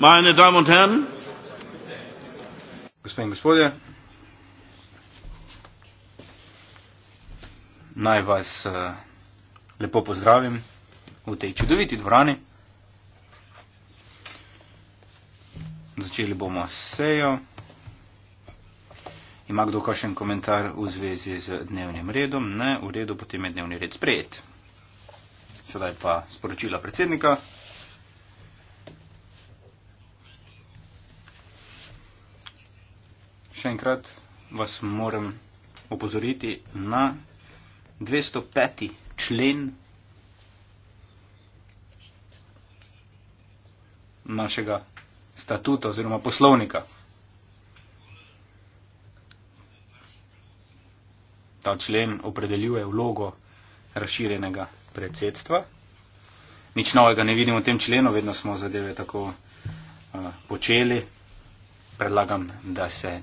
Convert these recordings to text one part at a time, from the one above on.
Meine Damen und Herren, gospodin, gospodje, naj vas uh, lepo pozdravim v tej čudoviti dvorani. Začeli bomo s sejo. Ima kdo kakšen komentar v zvezi z dnevnim redom? Ne, v redu, potem je dnevni red sprejet. Sedaj pa sporočila predsednika. še enkrat vas moram opozoriti na 205. člen našega statuta oziroma poslovnika. Ta člen opredeljuje vlogo razširjenega predsedstva. Nič novega ne vidimo v tem členu, vedno smo zadeve tako uh, počeli. Predlagam, da se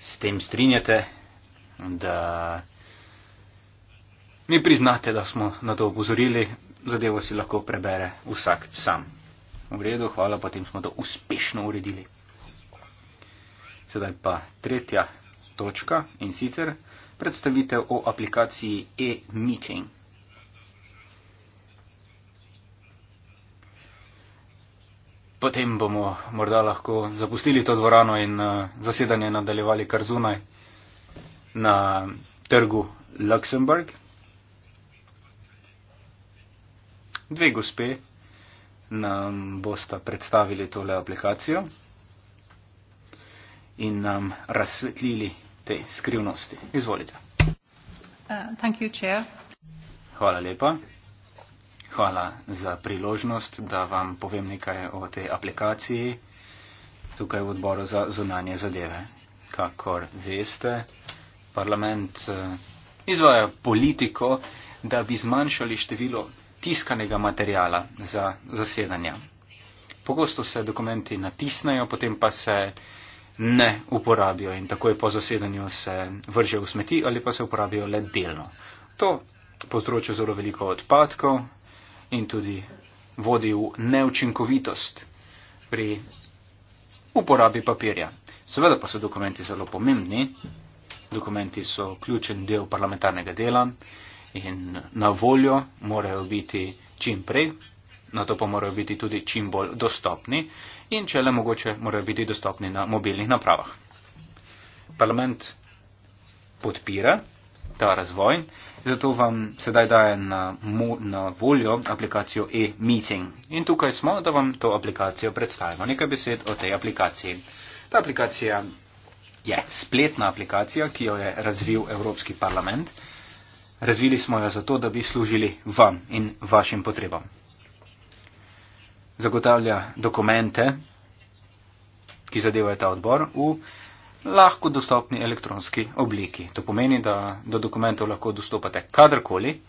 s tem strinjate, da mi priznate, da smo na to upozorili, zadevo si lahko prebere vsak sam. V redu, hvala, potem smo to uspešno uredili. Sedaj pa tretja točka in sicer predstavitev o aplikaciji e-meeting. potem bomo morda lahko zapustili to dvorano in eh, zasedanje nadaljevali kar zunaj na trgu Luxemburg. Dve gospe nam bosta predstavili tole aplikacijo in nam razsvetlili te skrivnosti. Izvolite. Uh, thank you, Hvala lepa. Hvala za priložnost, da vam povem nekaj o tej aplikaciji tukaj v odboru za zunanje zadeve. Kakor veste, parlament eh, izvaja politiko, da bi zmanjšali število tiskanega materijala za zasedanja. Pogosto se dokumenti natisnejo, potem pa se ne uporabijo in takoj po zasedanju se vržejo v smeti ali pa se uporabijo le delno. To povzroča zelo veliko odpadkov, in tudi vodi v neučinkovitost pri uporabi papirja. Seveda pa so dokumenti zelo pomembni. Dokumenti so ključen del parlamentarnega dela in na voljo morajo biti čim prej, na to pa morajo biti tudi čim bolj dostopni in če le mogoče morajo biti dostopni na mobilnih napravah. Parlament podpira ta razvoj. Zato vam sedaj dajem na, na voljo aplikacijo e-meeting. In tukaj smo, da vam to aplikacijo predstavimo. Nekaj besed o tej aplikaciji. Ta aplikacija je spletna aplikacija, ki jo je razvil Evropski parlament. Razvili smo jo zato, da bi služili vam in vašim potrebam. Zagotavlja dokumente, ki zadevajo ta odbor, v lahko dostopni elektronski obliki. To pomeni, da do dokumentov lahko dostopate kadarkoli,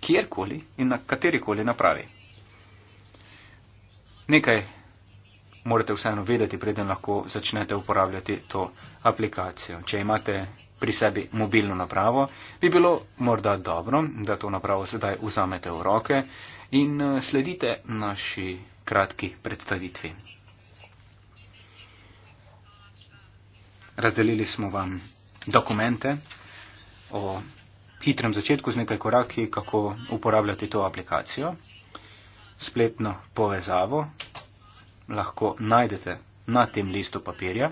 kjerkoli in na katerikoli napravi. Nekaj morate vseeno vedeti, preden lahko začnete uporabljati to aplikacijo. Če imate pri sebi mobilno napravo, bi bilo morda dobro, da to napravo sedaj vzamete v roke in eh, sledite naši kratki predstavitvi. Razdelili smo vam dokumente o hitrem začetku z nekaj koraki, kako uporabljati to aplikacijo. Spletno povezavo lahko najdete na tem listu papirja.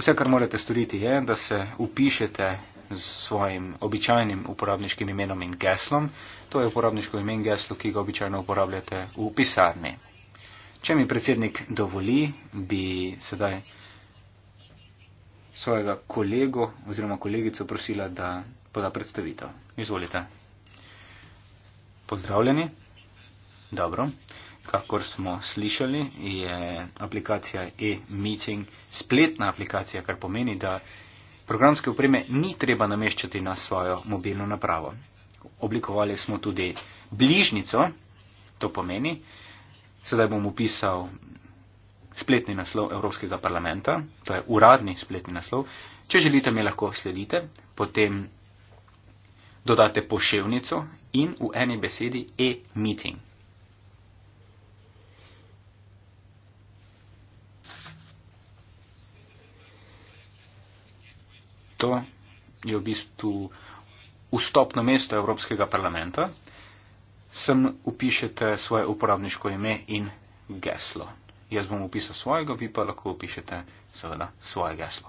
Vse, kar morate storiti, je, da se upišete s svojim običajnim uporabniškim imenom in geslom. To je uporabniško ime in geslo, ki ga običajno uporabljate v pisarni. Če mi predsednik dovoli, bi sedaj svojega kolego oziroma kolegico prosila, da poda predstavitev. Izvolite. Pozdravljeni. Dobro. Kakor smo slišali, je aplikacija e-meeting spletna aplikacija, kar pomeni, da programske opreme ni treba nameščati na svojo mobilno napravo. Oblikovali smo tudi bližnico, to pomeni, Sedaj bom upisal spletni naslov Evropskega parlamenta, to je uradni spletni naslov. Če želite, me lahko sledite, potem dodate poševnico in v eni besedi e-meeting. To je v bistvu vstopno mesto Evropskega parlamenta sem upišete svoje uporabniško ime in geslo. Jaz bom upisal svojega, vi pa lahko upišete seveda svoje geslo.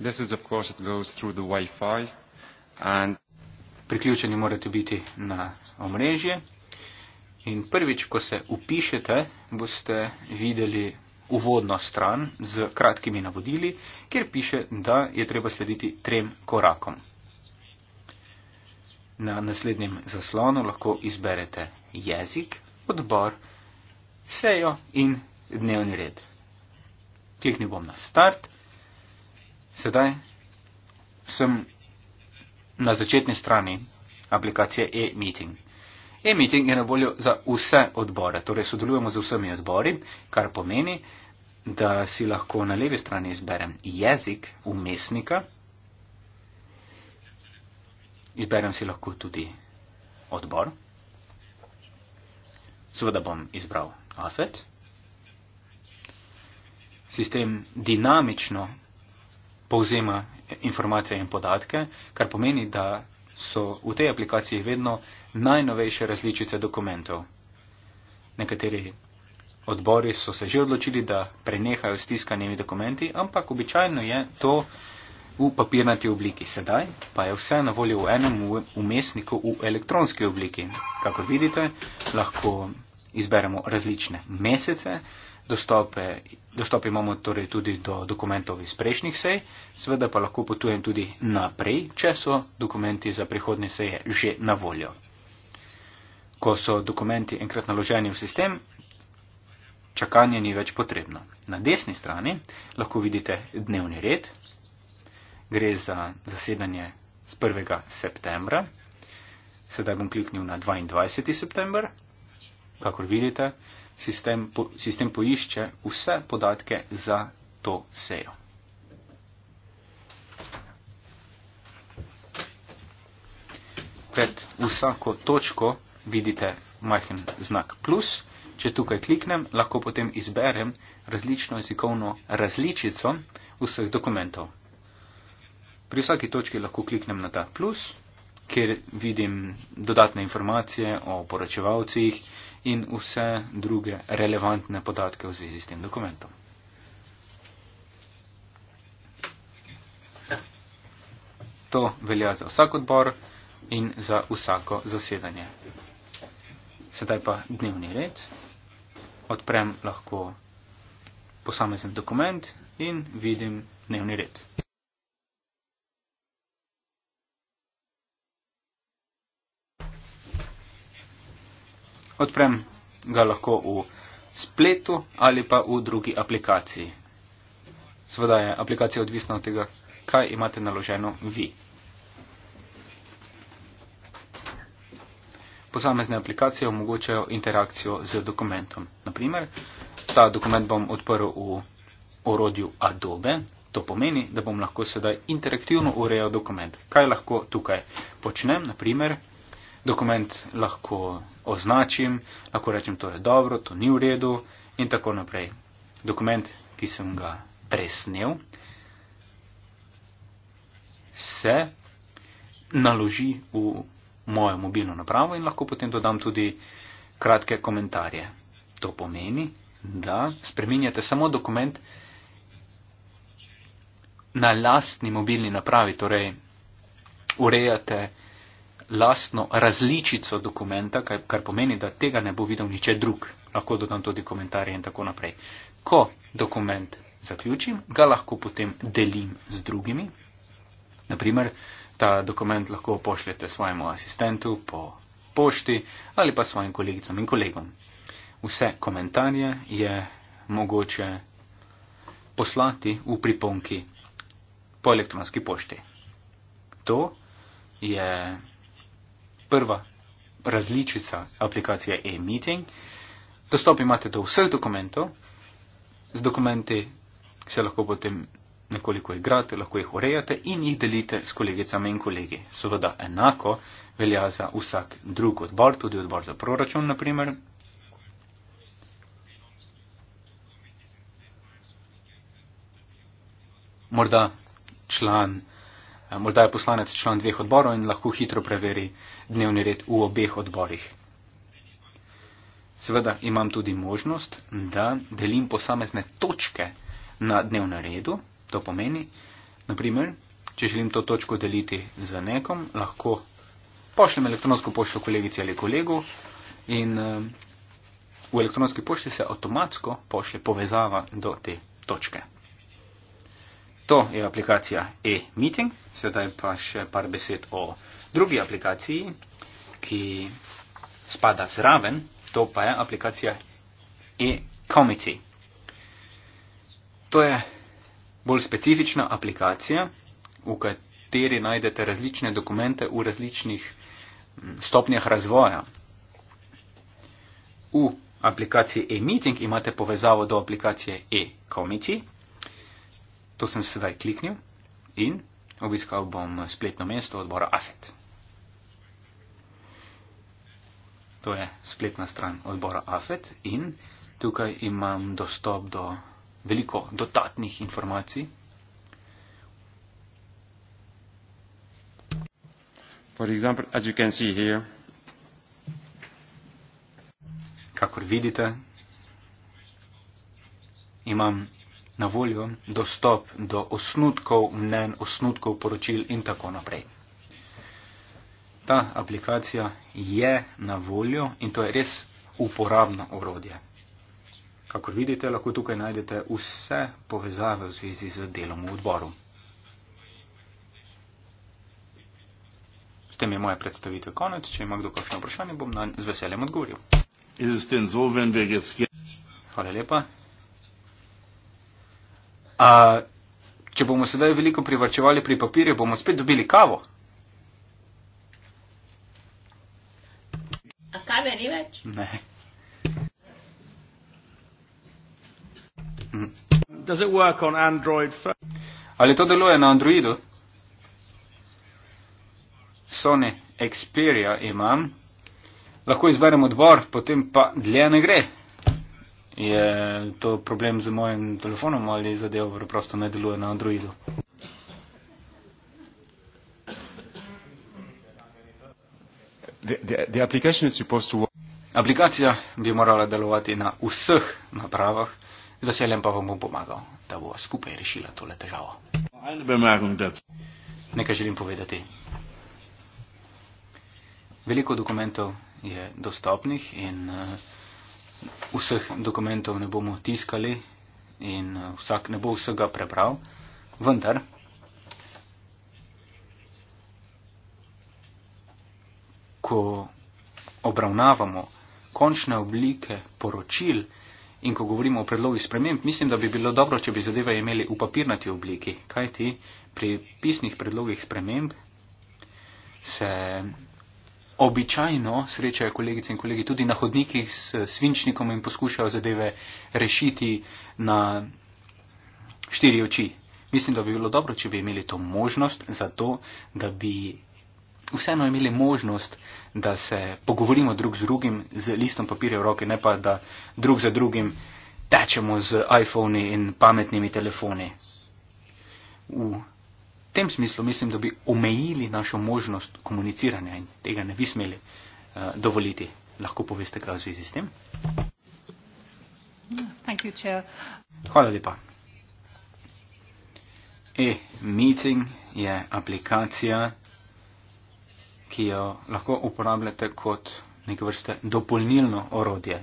This is of course it goes through the Wi-Fi and priključeni morate biti na omrežje. In prvič, ko se upišete, boste videli uvodno stran z kratkimi navodili, kjer piše, da je treba slediti trem korakom. Na naslednjem zaslonu lahko izberete jezik, odbor, sejo in dnevni red. Kliknil bom na start. Sedaj sem na začetni strani aplikacije e-meeting. E-meeting je na voljo za vse odbore, torej sodelujemo z vsemi odbori, kar pomeni, da si lahko na levi strani izberem jezik umestnika, izberem si lahko tudi odbor, seveda bom izbral AFET. Sistem dinamično povzema informacije in podatke, kar pomeni, da so v tej aplikaciji vedno najnovejše različice dokumentov. Nekateri odbori so se že odločili, da prenehajo s tiskanimi dokumenti, ampak običajno je to v papirnati obliki. Sedaj pa je vse na voljo v enem umestniku v elektronski obliki. Kako vidite, lahko izberemo različne mesece, dostope, dostop imamo torej tudi do dokumentov iz prejšnjih sej, seveda pa lahko potujem tudi naprej, če so dokumenti za prihodne seje že na voljo. Ko so dokumenti enkrat naloženi v sistem, čakanje ni več potrebno. Na desni strani lahko vidite dnevni red, gre za zasedanje z 1. septembra. Sedaj bom kliknil na 22. september, kakor vidite, sistem, po, sistem poišče vse podatke za to sejo. Pred vsako točko vidite majhen znak plus. Če tukaj kliknem, lahko potem izberem različno jezikovno različico vseh dokumentov. Pri vsaki točki lahko kliknem na ta plus, kjer vidim dodatne informacije o poročevalcih, in vse druge relevantne podatke v zvezi s tem dokumentom. To velja za vsak odbor in za vsako zasedanje. Sedaj pa dnevni red. Odprem lahko posamezen dokument in vidim dnevni red. odprem ga lahko v spletu ali pa v drugi aplikaciji. Seveda je aplikacija odvisna od tega, kaj imate naloženo vi. Posamezne aplikacije omogočajo interakcijo z dokumentom. Naprimer, ta dokument bom odprl v orodju Adobe. To pomeni, da bom lahko sedaj interaktivno urejal dokument. Kaj lahko tukaj počnem? Naprimer, dokument lahko označim, lahko rečem, to je dobro, to ni v redu in tako naprej. Dokument, ki sem ga presnel, se naloži v mojo mobilno napravo in lahko potem dodam tudi kratke komentarje. To pomeni, da spreminjate samo dokument na lastni mobilni napravi, torej urejate lastno različico dokumenta, kar, kar pomeni, da tega ne bo videl niče drug. Lahko dodam tudi komentarje in tako naprej. Ko dokument zaključim, ga lahko potem delim z drugimi. Naprimer, ta dokument lahko pošljete svojemu asistentu po pošti ali pa svojim kolegicam in kolegom. Vse komentarje je mogoče poslati v priponki po elektronski pošti. To je prva različica aplikacije e-meeting. Dostop imate do vseh dokumentov, z dokumenti se lahko potem nekoliko igrate, lahko jih urejate in jih delite s kolegicami in kolegi. Seveda enako velja za vsak drug odbor, tudi odbor za proračun, naprimer. Morda član Eh, morda je poslanec član dveh odborov in lahko hitro preveri dnevni red v obeh odborih. Seveda imam tudi možnost, da delim posamezne točke na dnevnem redu. To pomeni, naprimer, če želim to točko deliti z nekom, lahko pošljem elektronsko pošto kolegici ali kolegu in eh, v elektronski pošti se avtomatsko pošlje povezava do te točke. To je aplikacija e-meeting, sedaj pa še par besed o drugi aplikaciji, ki spada zraven, to pa je aplikacija e-committee. To je bolj specifična aplikacija, v kateri najdete različne dokumente v različnih mm, stopnjah razvoja. V aplikaciji e-meeting imate povezavo do aplikacije e-committee. To sem sedaj kliknil in obiskal bom spletno mesto odbora AFET. To je spletna stran odbora AFET in tukaj imam dostop do veliko dodatnih informacij. For example, as you can see here. Kakor vidite, imam na voljo dostop do osnutkov mnen, osnutkov poročil in tako naprej. Ta aplikacija je na voljo in to je res uporabno orodje. Kakor vidite, lahko tukaj najdete vse povezave v zvezi z delom v odboru. S tem je moja predstavitev konec. Če ima kdo kakšno vprašanje, bom na z veseljem odgovoril. Hvala lepa. A, če bomo sedaj veliko privrčevali pri papirju, bomo spet dobili kavo. A kave ni več? Ne. Mm. Does it work on Android? Ali to deluje na Androidu? Sony Xperia imam. Lahko izberem odbor, potem pa dlje ne gre je to problem z mojim telefonom ali zadevo preprosto ne deluje na Androidu. The, the, the Aplikacija bi morala delovati na vseh napravah, z veseljem pa vam bom pomagal, da bo skupaj rešila tole težavo. Nekaj želim povedati. Veliko dokumentov je dostopnih in uh, vseh dokumentov ne bomo tiskali in eh, vsak ne bo vsega prebral, vendar ko obravnavamo končne oblike poročil in ko govorimo o predlogih sprememb, mislim, da bi bilo dobro, če bi zadeve imeli v papirnati obliki, kajti pri pisnih predlogih sprememb se običajno srečajo kolegice in kolegi tudi na hodnikih s svinčnikom in poskušajo zadeve rešiti na štiri oči. Mislim, da bi bilo dobro, če bi imeli to možnost, zato da bi vseeno imeli možnost, da se pogovorimo drug z drugim z listom papirja v roke, ne pa da drug za drugim tečemo z iPhone in pametnimi telefoni. V tem smislu mislim, da bi omejili našo možnost komuniciranja in tega ne bi smeli uh, dovoliti. Lahko poveste kaj v zvezi s tem? You, Hvala lepa. E-meeting je aplikacija, ki jo lahko uporabljate kot nek vrste dopolnilno orodje.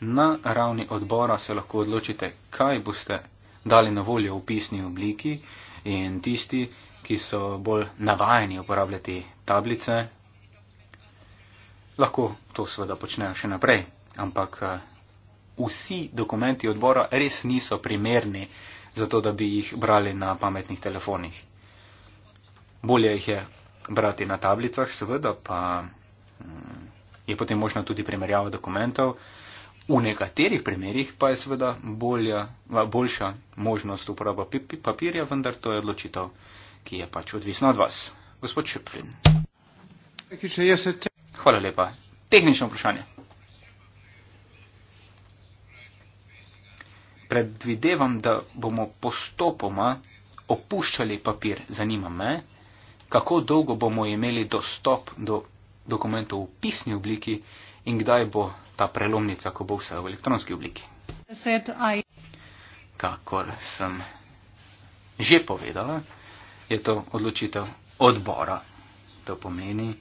Na ravni odbora se lahko odločite, kaj boste dali na voljo v pisni obliki in tisti, ki so bolj navajeni uporabljati tablice, lahko to seveda počnejo še naprej, ampak eh, vsi dokumenti odbora res niso primerni za to, da bi jih brali na pametnih telefonih. Bolje jih je brati na tablicah, seveda pa mm, je potem možno tudi primerjava dokumentov. V nekaterih primerjih pa je seveda bolja, boljša možnost uporaba papirja, vendar to je odločitev, ki je pač odvisna od vas. Gospod Šeplin. Hvala lepa. Tehnično vprašanje. Predvidevam, da bomo postopoma opuščali papir. Zanima me, kako dolgo bomo imeli dostop do dokumentov v pisni obliki in kdaj bo ta prelomnica, ko bo vse v elektronski obliki. Kakor sem že povedala, je to odločitev odbora. To pomeni,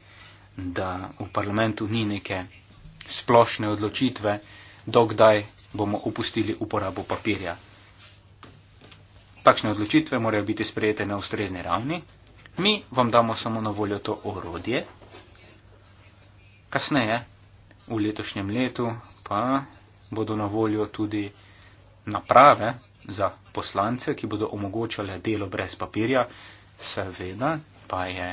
da v parlamentu ni neke splošne odločitve, dokdaj bomo upustili uporabo papirja. Takšne odločitve morajo biti sprejete na ustrezni ravni. Mi vam damo samo na voljo to orodje. Kasneje v letošnjem letu pa bodo na voljo tudi naprave za poslance, ki bodo omogočale delo brez papirja. Seveda pa je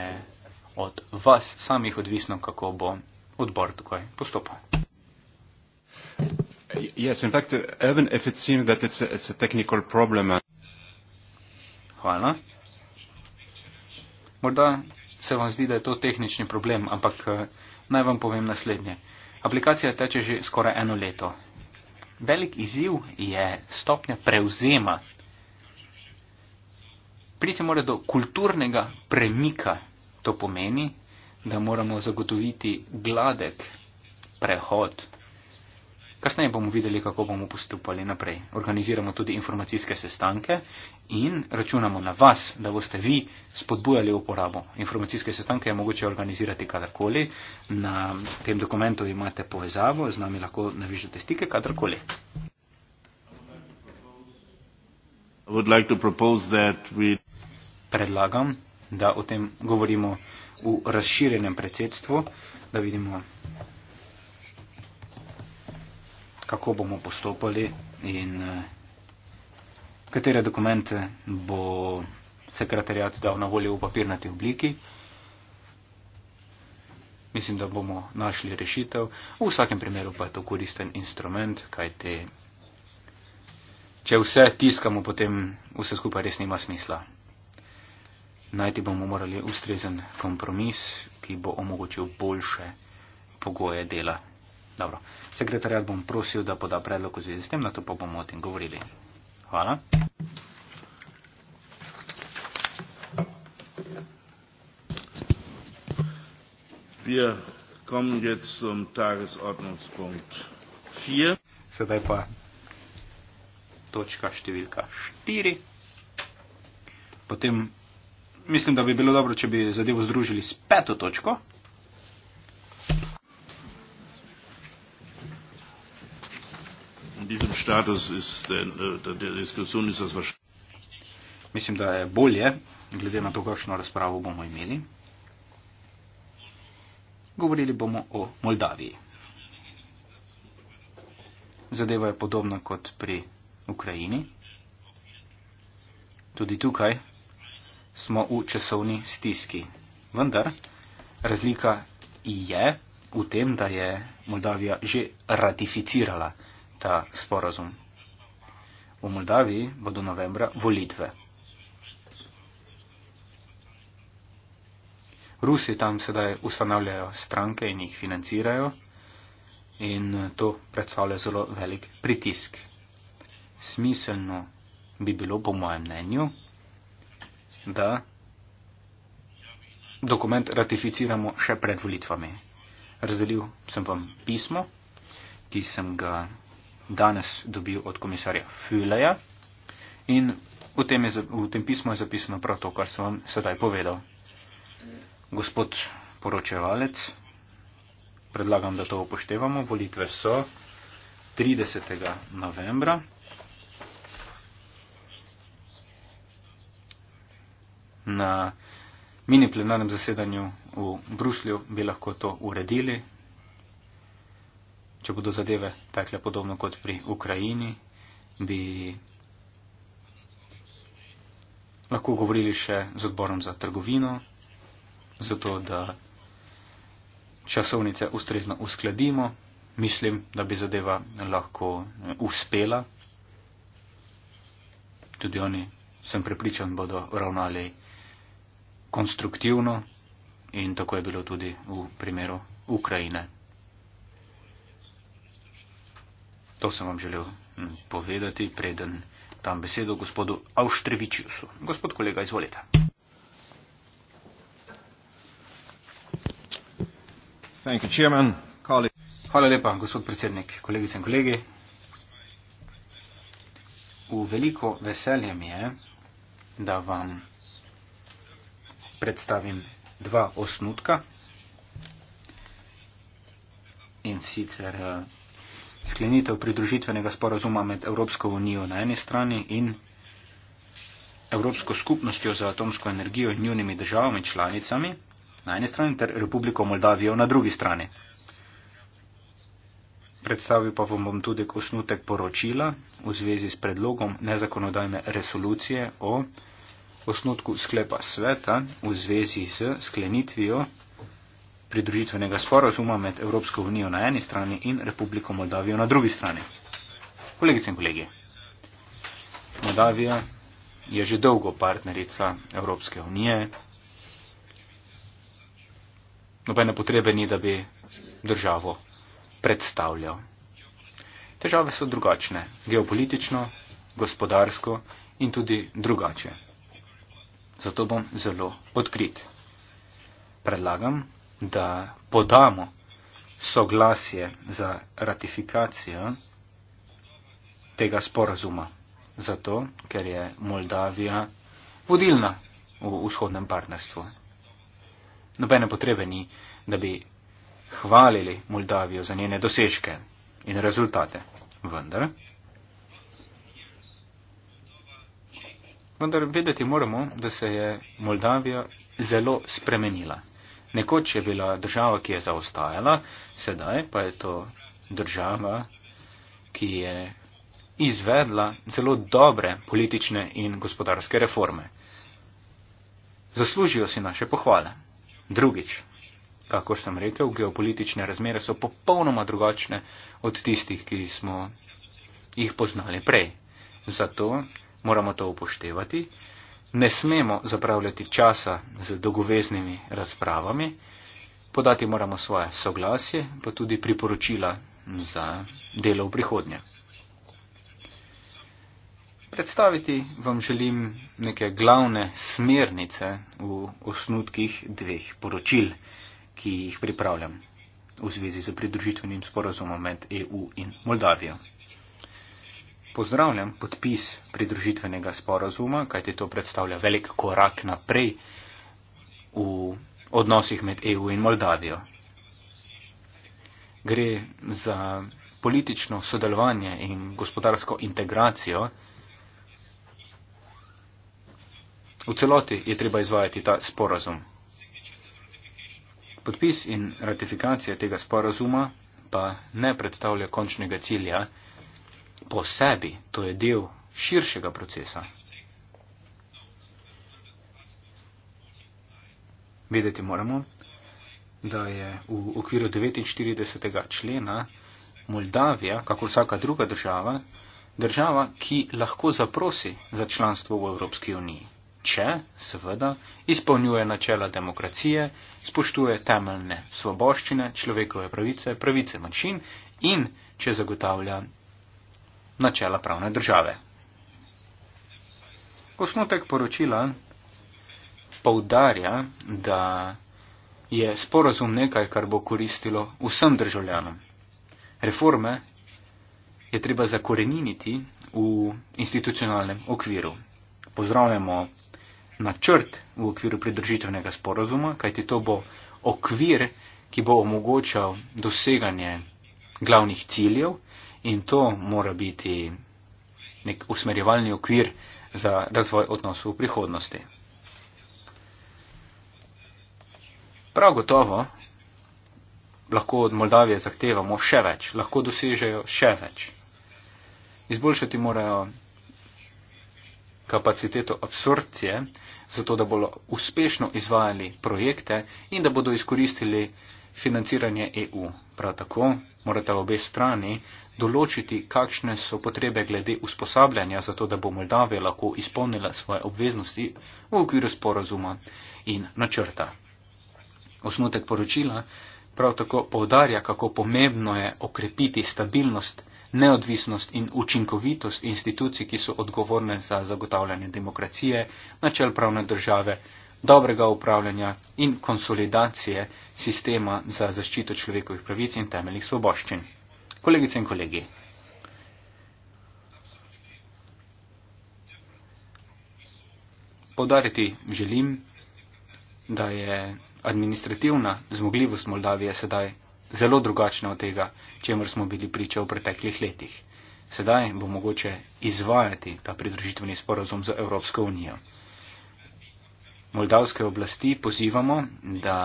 od vas samih odvisno, kako bo odbor tukaj postopal. Yes, in fact, even if it seems that it's a, it's a technical problem. Uh, Hvala. Morda se vam zdi, da je to tehnični problem, ampak uh, naj vam povem naslednje. Aplikacija teče že skoraj eno leto. Velik izziv je stopnja prevzema. Priti mora do kulturnega premika. To pomeni, da moramo zagotoviti gladek prehod Kasneje bomo videli, kako bomo postopali naprej. Organiziramo tudi informacijske sestanke in računamo na vas, da boste vi spodbujali uporabo. Informacijske sestanke je mogoče organizirati kadarkoli. Na tem dokumentu imate povezavo, z nami lahko navižete stike kadarkoli. Like we... Predlagam, da o tem govorimo v razširjenem predsedstvu, da vidimo kako bomo postopali in eh, katere dokumente bo sekretarjat dal na voljo v papirnati obliki. Mislim, da bomo našli rešitev. V vsakem primeru pa je to koristen instrument, kaj te. Če vse tiskamo, potem vse skupaj res nima smisla. Najti bomo morali ustrezen kompromis, ki bo omogočil boljše pogoje dela. Dobro. Sekretarjat bom prosil, da poda predlog v zvezi s tem, na to pa bomo o tem govorili. Hvala. Wir kommen jetzt zum Tagesordnungspunkt 4. Sedaj pa točka številka 4. Potem mislim, da bi bilo dobro, če bi zadevo združili s peto točko. In diesem Status ist äh, der, der Diskussion ist das wahrscheinlich. Zadeva je podobna kot pri Ukrajini. Tudi tukaj smo v časovni stiski. Vendar razlika je v tem, da je Moldavija že ratificirala ta sporazum. V Moldaviji bodo novembra volitve. Rusi tam sedaj ustanavljajo stranke in jih financirajo in to predstavlja zelo velik pritisk. Smiselno bi bilo, po mojem mnenju, da dokument ratificiramo še pred volitvami. Razdelil sem vam pismo, ki sem ga danes dobil od komisarja Füleja. In v tem, je, v tem pismu je zapisano prav to, kar sem vam sedaj povedal. Gospod poročevalec, predlagam, da to upoštevamo. Volitve so 30. novembra. Na mini plenarnem zasedanju v Bruslju bi lahko to uredili, če bodo zadeve tekle podobno kot pri Ukrajini, bi lahko govorili še z odborom za trgovino, zato da časovnice ustrezno uskladimo. Mislim, da bi zadeva lahko eh, uspela. Tudi oni, sem prepričan, bodo ravnali konstruktivno in tako je bilo tudi v primeru Ukrajine. To sem vam želel mm, povedati, preden dam besedo gospodu Avštrevičusu. Gospod kolega, izvolite. Hvala lepa, gospod predsednik, kolegice in kolegi. V veliko veselje mi je, da vam predstavim dva osnutka. In sicer eh, sklenitev pridružitvenega sporazuma med Evropsko unijo na eni strani in Evropsko skupnostjo za atomsko energijo in njunimi državami članicami na eni strani ter Republiko Moldavijo na drugi strani. Predstavil pa vam bom tudi osnutek poročila v zvezi s predlogom nezakonodajne resolucije o osnutku sklepa sveta v zvezi z sklenitvijo pridružitvenega sporozuma med Evropsko unijo na eni strani in Republiko Moldavijo na drugi strani. Kolegice in kolegi, Moldavija je že dolgo partnerica Evropske unije. Nobene potrebe ni, da bi državo predstavljal. Težave so drugačne, geopolitično, gospodarsko in tudi drugače. Zato bom zelo odkrit. Predlagam, da podamo soglasje za ratifikacijo tega sporazuma. Zato, ker je Moldavija vodilna v vzhodnem partnerstvu. Nobene potrebe ni, da bi hvalili Moldavijo za njene dosežke in rezultate. Vendar, vendar vedeti moramo, da se je Moldavija zelo spremenila. Nekoč je bila država, ki je zaostajala, sedaj pa je to država, ki je izvedla zelo dobre politične in gospodarske reforme. Zaslužijo si naše pohvale. Drugič, kako sem rekel, geopolitične razmere so popolnoma drugačne od tistih, ki smo jih poznali prej. Zato moramo to upoštevati ne smemo zapravljati časa z dolgoveznimi razpravami, podati moramo svoje soglasje, pa tudi priporočila za delo v prihodnje. Predstaviti vam želim neke glavne smernice v osnutkih dveh poročil, ki jih pripravljam v zvezi z pridružitvenim sporozumom med EU in Moldavijo pozdravljam podpis pridružitvenega sporazuma, kajte to predstavlja velik korak naprej v odnosih med EU in Moldavijo. Gre za politično sodelovanje in gospodarsko integracijo. V celoti je treba izvajati ta sporazum. Podpis in ratifikacija tega sporazuma pa ne predstavlja končnega cilja, po sebi, to je del širšega procesa. Vedeti moramo, da je v okviru 49. člena Moldavija, kako vsaka druga država, država, ki lahko zaprosi za članstvo v Evropski uniji, če seveda izpolnjuje načela demokracije, spoštuje temeljne svoboščine, človekove pravice, pravice manjšin in če zagotavlja načela pravne države. Osnotek poročila poudarja, da je sporozum nekaj, kar bo koristilo vsem državljanom. Reforme je treba zakoreniniti v institucionalnem okviru. Pozdravljamo načrt v okviru pridržitvenega sporozuma, kajti to bo okvir, ki bo omogočal doseganje glavnih ciljev In to mora biti nek usmerjevalni okvir za razvoj odnosov v prihodnosti. Prav gotovo lahko od Moldavije zahtevamo še več, lahko dosežejo še več. Izboljšati morajo kapaciteto absorpcije, zato da bodo uspešno izvajali projekte in da bodo izkoristili financiranje EU. Prav tako morata obe strani določiti, kakšne so potrebe glede usposabljanja, zato da bo Moldavija lahko izpolnila svoje obveznosti v okviru sporazuma in načrta. Osnutek poročila prav tako povdarja, kako pomembno je okrepiti stabilnost, neodvisnost in učinkovitost institucij, ki so odgovorne za zagotavljanje demokracije, načel pravne države, dobrega upravljanja in konsolidacije sistema za zaščito človekovih pravic in temeljih svoboščin. Kolegice in kolegi, povdariti želim, da je administrativna zmogljivost Moldavije sedaj zelo drugačna od tega, čemer smo bili priča v preteklih letih. Sedaj bo mogoče izvajati ta pridružitveni sporazum z Evropsko unijo moldavske oblasti pozivamo, da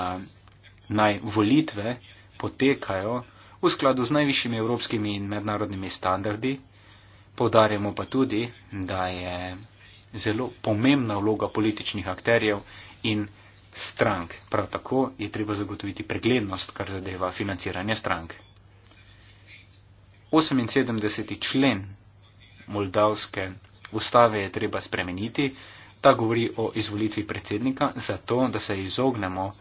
naj volitve potekajo v skladu z najvišjimi evropskimi in mednarodnimi standardi. Povdarjamo pa tudi, da je zelo pomembna vloga političnih akterjev in strank. Prav tako je treba zagotoviti preglednost, kar zadeva financiranje strank. 78. člen Moldavske ustave je treba spremeniti, Ta govori o izvolitvi predsednika zato, da se izognemo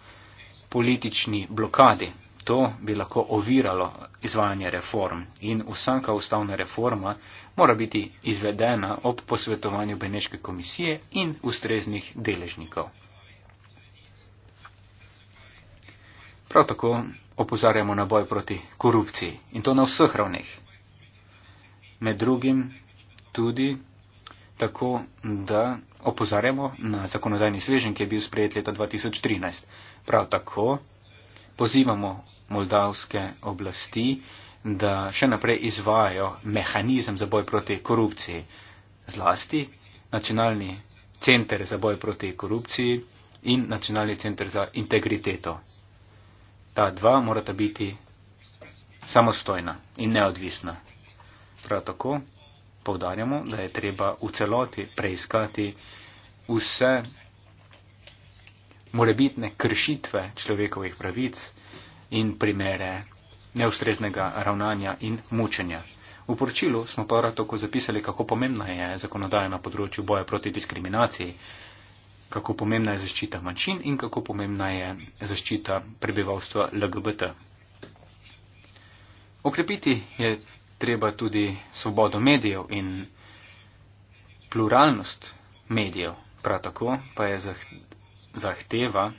politični blokadi. To bi lahko oviralo izvajanje reform in vsaka ustavna reforma mora biti izvedena ob posvetovanju Beneške komisije in ustreznih deležnikov. Prav tako opozarjamo na boj proti korupciji in to na vseh ravneh. Med drugim tudi tako, da Opozarjamo na zakonodajni svežen, ki je bil sprejet leta 2013. Prav tako pozivamo moldavske oblasti, da še naprej izvajajo mehanizem za boj proti korupciji. Zlasti nacionalni center za boj proti korupciji in nacionalni center za integriteto. Ta dva morata biti samostojna in neodvisna. Prav tako Povdarjamo, da je treba v celoti preiskati vse morebitne kršitve človekovih pravic in primere neustreznega ravnanja in mučenja. V poročilu smo pa rad tako zapisali, kako pomembna je zakonodaja na področju boja proti diskriminaciji, kako pomembna je zaščita manjšin in kako pomembna je zaščita prebivalstva LGBT. Okrepiti je treba tudi svobodo medijev in pluralnost medijev. Prav tako pa je zahteva,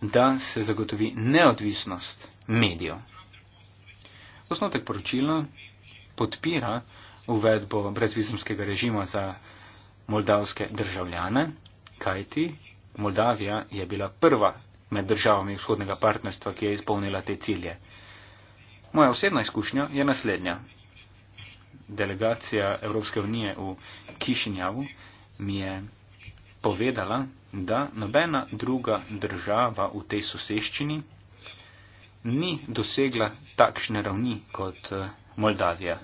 da se zagotovi neodvisnost medijev. Osnotek poročila podpira uvedbo brezvizumskega režima za moldavske državljane, kajti Moldavija je bila prva med državami vzhodnega partnerstva, ki je izpolnila te cilje. Moja osebna izkušnja je naslednja delegacija Evropske unije v Kišinjavu mi je povedala, da nobena druga država v tej soseščini ni dosegla takšne ravni kot eh, Moldavija.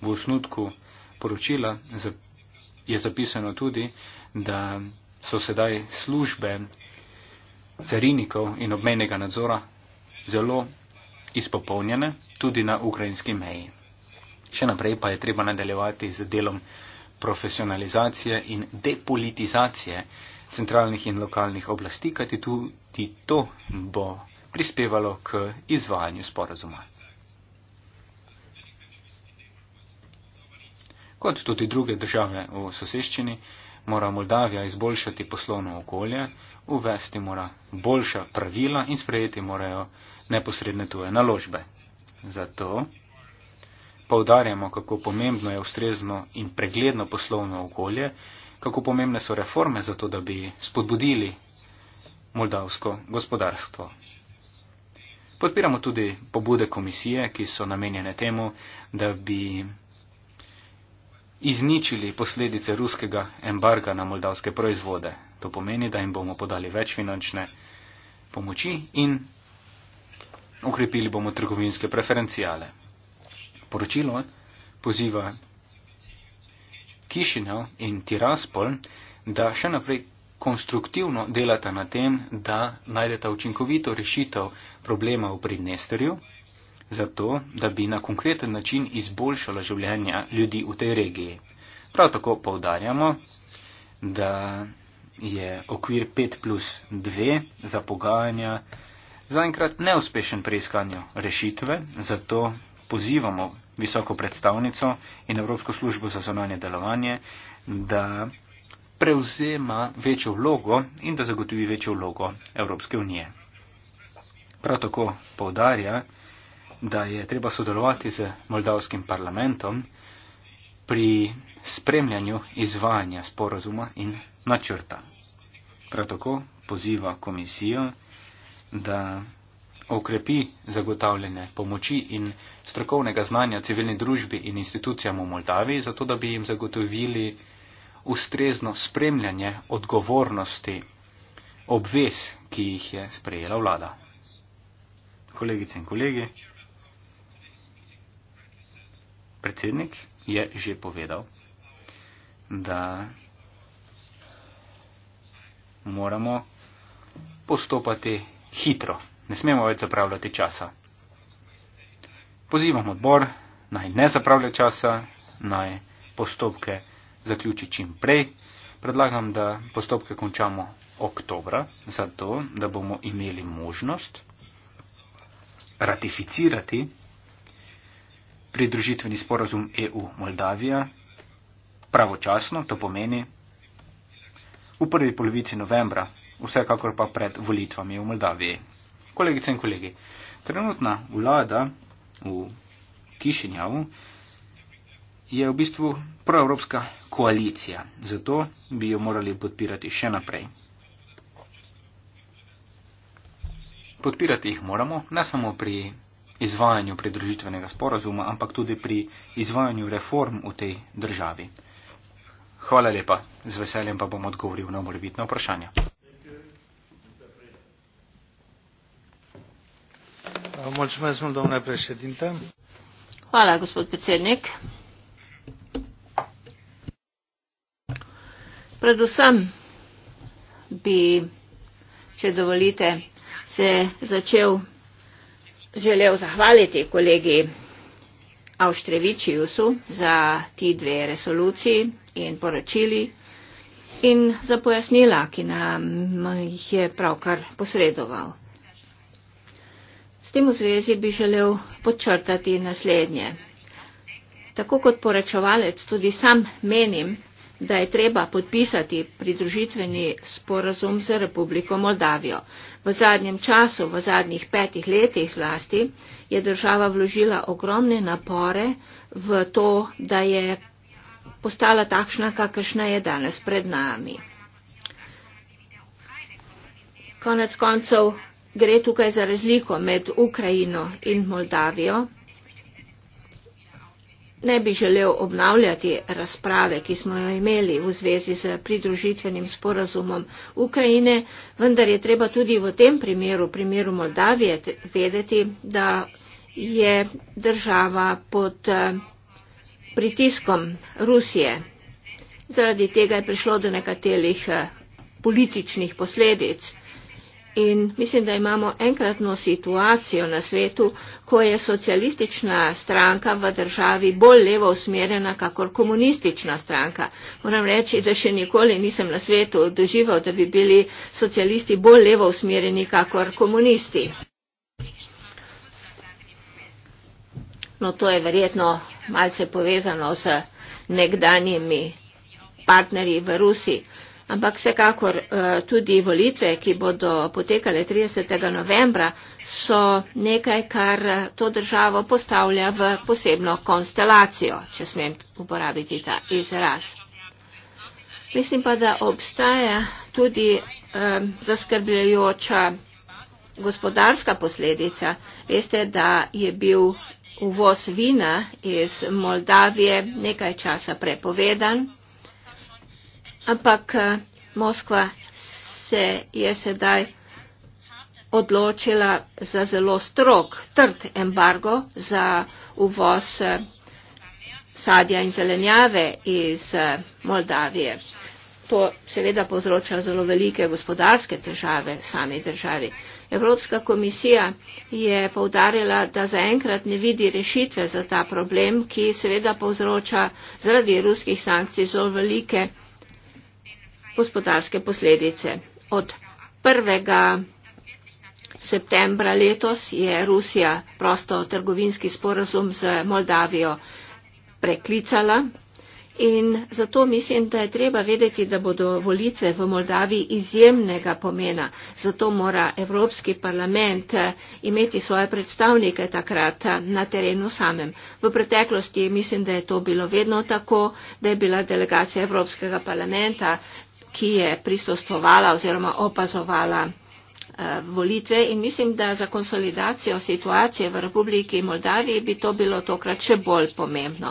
V osnutku poročila je zapisano tudi, da so sedaj službe carinikov in obmejnega nadzora zelo izpopolnjene tudi na ukrajinski meji. Še naprej pa je treba nadaljevati z delom profesionalizacije in depolitizacije centralnih in lokalnih oblasti, kajti tudi to bo prispevalo k izvajanju sporazuma. Kot tudi druge države v soseščini, mora Moldavija izboljšati poslovno okolje, uvesti mora boljša pravila in sprejeti morajo neposredne tuje naložbe. Zato poudarjamo, kako pomembno je ustrezno in pregledno poslovno okolje, kako pomembne so reforme za to, da bi spodbudili moldavsko gospodarstvo. Podpiramo tudi pobude komisije, ki so namenjene temu, da bi izničili posledice ruskega embarga na moldavske proizvode. To pomeni, da jim bomo podali več finančne pomoči in ukrepili bomo trgovinske preferencijale. Poročilo poziva Kišinev in Tiraspol, da še naprej konstruktivno delata na tem, da najdeta učinkovito rešitev problema v Pridnesterju, zato da bi na konkreten način izboljšala življenja ljudi v tej regiji. Prav tako poudarjamo, da je okvir 5 plus 2 za pogajanja zaenkrat neuspešen pri iskanju rešitve, zato pozivamo visoko predstavnico in Evropsko službo za zonanje delovanje, da prevzema večjo vlogo in da zagotovi večjo vlogo Evropske unije. Prav tako povdarja, da je treba sodelovati z Moldavskim parlamentom pri spremljanju izvajanja sporozuma in načrta. Prav tako poziva komisijo, da okrepi zagotavljanje pomoči in strokovnega znanja civilni družbi in institucijam v Moldaviji, zato da bi jim zagotovili ustrezno spremljanje odgovornosti obvez, ki jih je sprejela vlada. Kolegice in kolegi, predsednik je že povedal, da moramo postopati hitro, ne smemo več zapravljati časa. Pozivam odbor, naj ne zapravlja časa, naj postopke zaključi čim prej. Predlagam, da postopke končamo oktobra, zato da bomo imeli možnost ratificirati pridružitveni sporazum EU-Moldavija pravočasno, to pomeni v prvi polovici novembra vsekakor pa pred volitvami v Moldaviji. Kolegice in kolegi, trenutna vlada v Kišinjavu je v bistvu proevropska koalicija, zato bi jo morali podpirati še naprej. Podpirati jih moramo ne samo pri izvajanju pridružitvenega sporazuma, ampak tudi pri izvajanju reform v tej državi. Hvala lepa, z veseljem pa bom odgovoril na morebitno vprašanje. domnule președinte domnule președinte predvsem bi če dovolite se začel želel zahvaliti kolegi avštrevičiusu za ti dve resoluciji in poročili in za pojasnila ki nam jih je pravkar posredoval. S tem v zvezi bi želel podčrtati naslednje. Tako kot poročevalec tudi sam menim, da je treba podpisati pridružitveni sporazum z Republiko Moldavijo. V zadnjem času, v zadnjih petih letih zlasti, je država vložila ogromne napore v to, da je postala takšna, kakršna je danes pred nami. Konec koncev gre tukaj za razliko med Ukrajino in Moldavijo. Ne bi želel obnavljati razprave, ki smo jo imeli v zvezi z pridružitvenim sporazumom Ukrajine, vendar je treba tudi v tem primeru, primeru Moldavije, vedeti, da je država pod pritiskom Rusije. Zaradi tega je prišlo do nekaterih političnih posledic. In mislim, da imamo enkratno situacijo na svetu, ko je socialistična stranka v državi bolj levo usmerjena, kakor komunistična stranka. Moram reči, da še nikoli nisem na svetu doživel, da bi bili socialisti bolj levo usmerjeni, kakor komunisti. No, to je verjetno malce povezano z nekdanjimi partnerji v Rusiji ampak vsekakor eh, tudi volitve, ki bodo potekale 30. novembra, so nekaj, kar eh, to državo postavlja v posebno konstelacijo, če smem uporabiti ta izraz. Mislim pa, da obstaja tudi eh, zaskrbljajoča gospodarska posledica. Veste, da je bil uvoz vina iz Moldavije nekaj časa prepovedan. Ampak eh, Moskva se je sedaj odločila za zelo strok, trd embargo za uvoz eh, sadja in zelenjave iz eh, Moldavije. To seveda povzroča zelo velike gospodarske težave sami državi. Evropska komisija je povdarjala, da zaenkrat ne vidi rešitve za ta problem, ki seveda povzroča zaradi ruskih sankcij zelo velike gospodarske posledice. Od 1. septembra letos je Rusija prosto trgovinski sporazum z Moldavijo preklicala in zato mislim, da je treba vedeti, da bodo volitve v Moldaviji izjemnega pomena. Zato mora Evropski parlament eh, imeti svoje predstavnike takrat eh, na terenu samem. V preteklosti mislim, da je to bilo vedno tako, da je bila delegacija Evropskega parlamenta ki je prisostovala oziroma opazovala eh, volitve in mislim, da za konsolidacijo situacije v Republiki Moldaviji bi to bilo tokrat še bolj pomembno.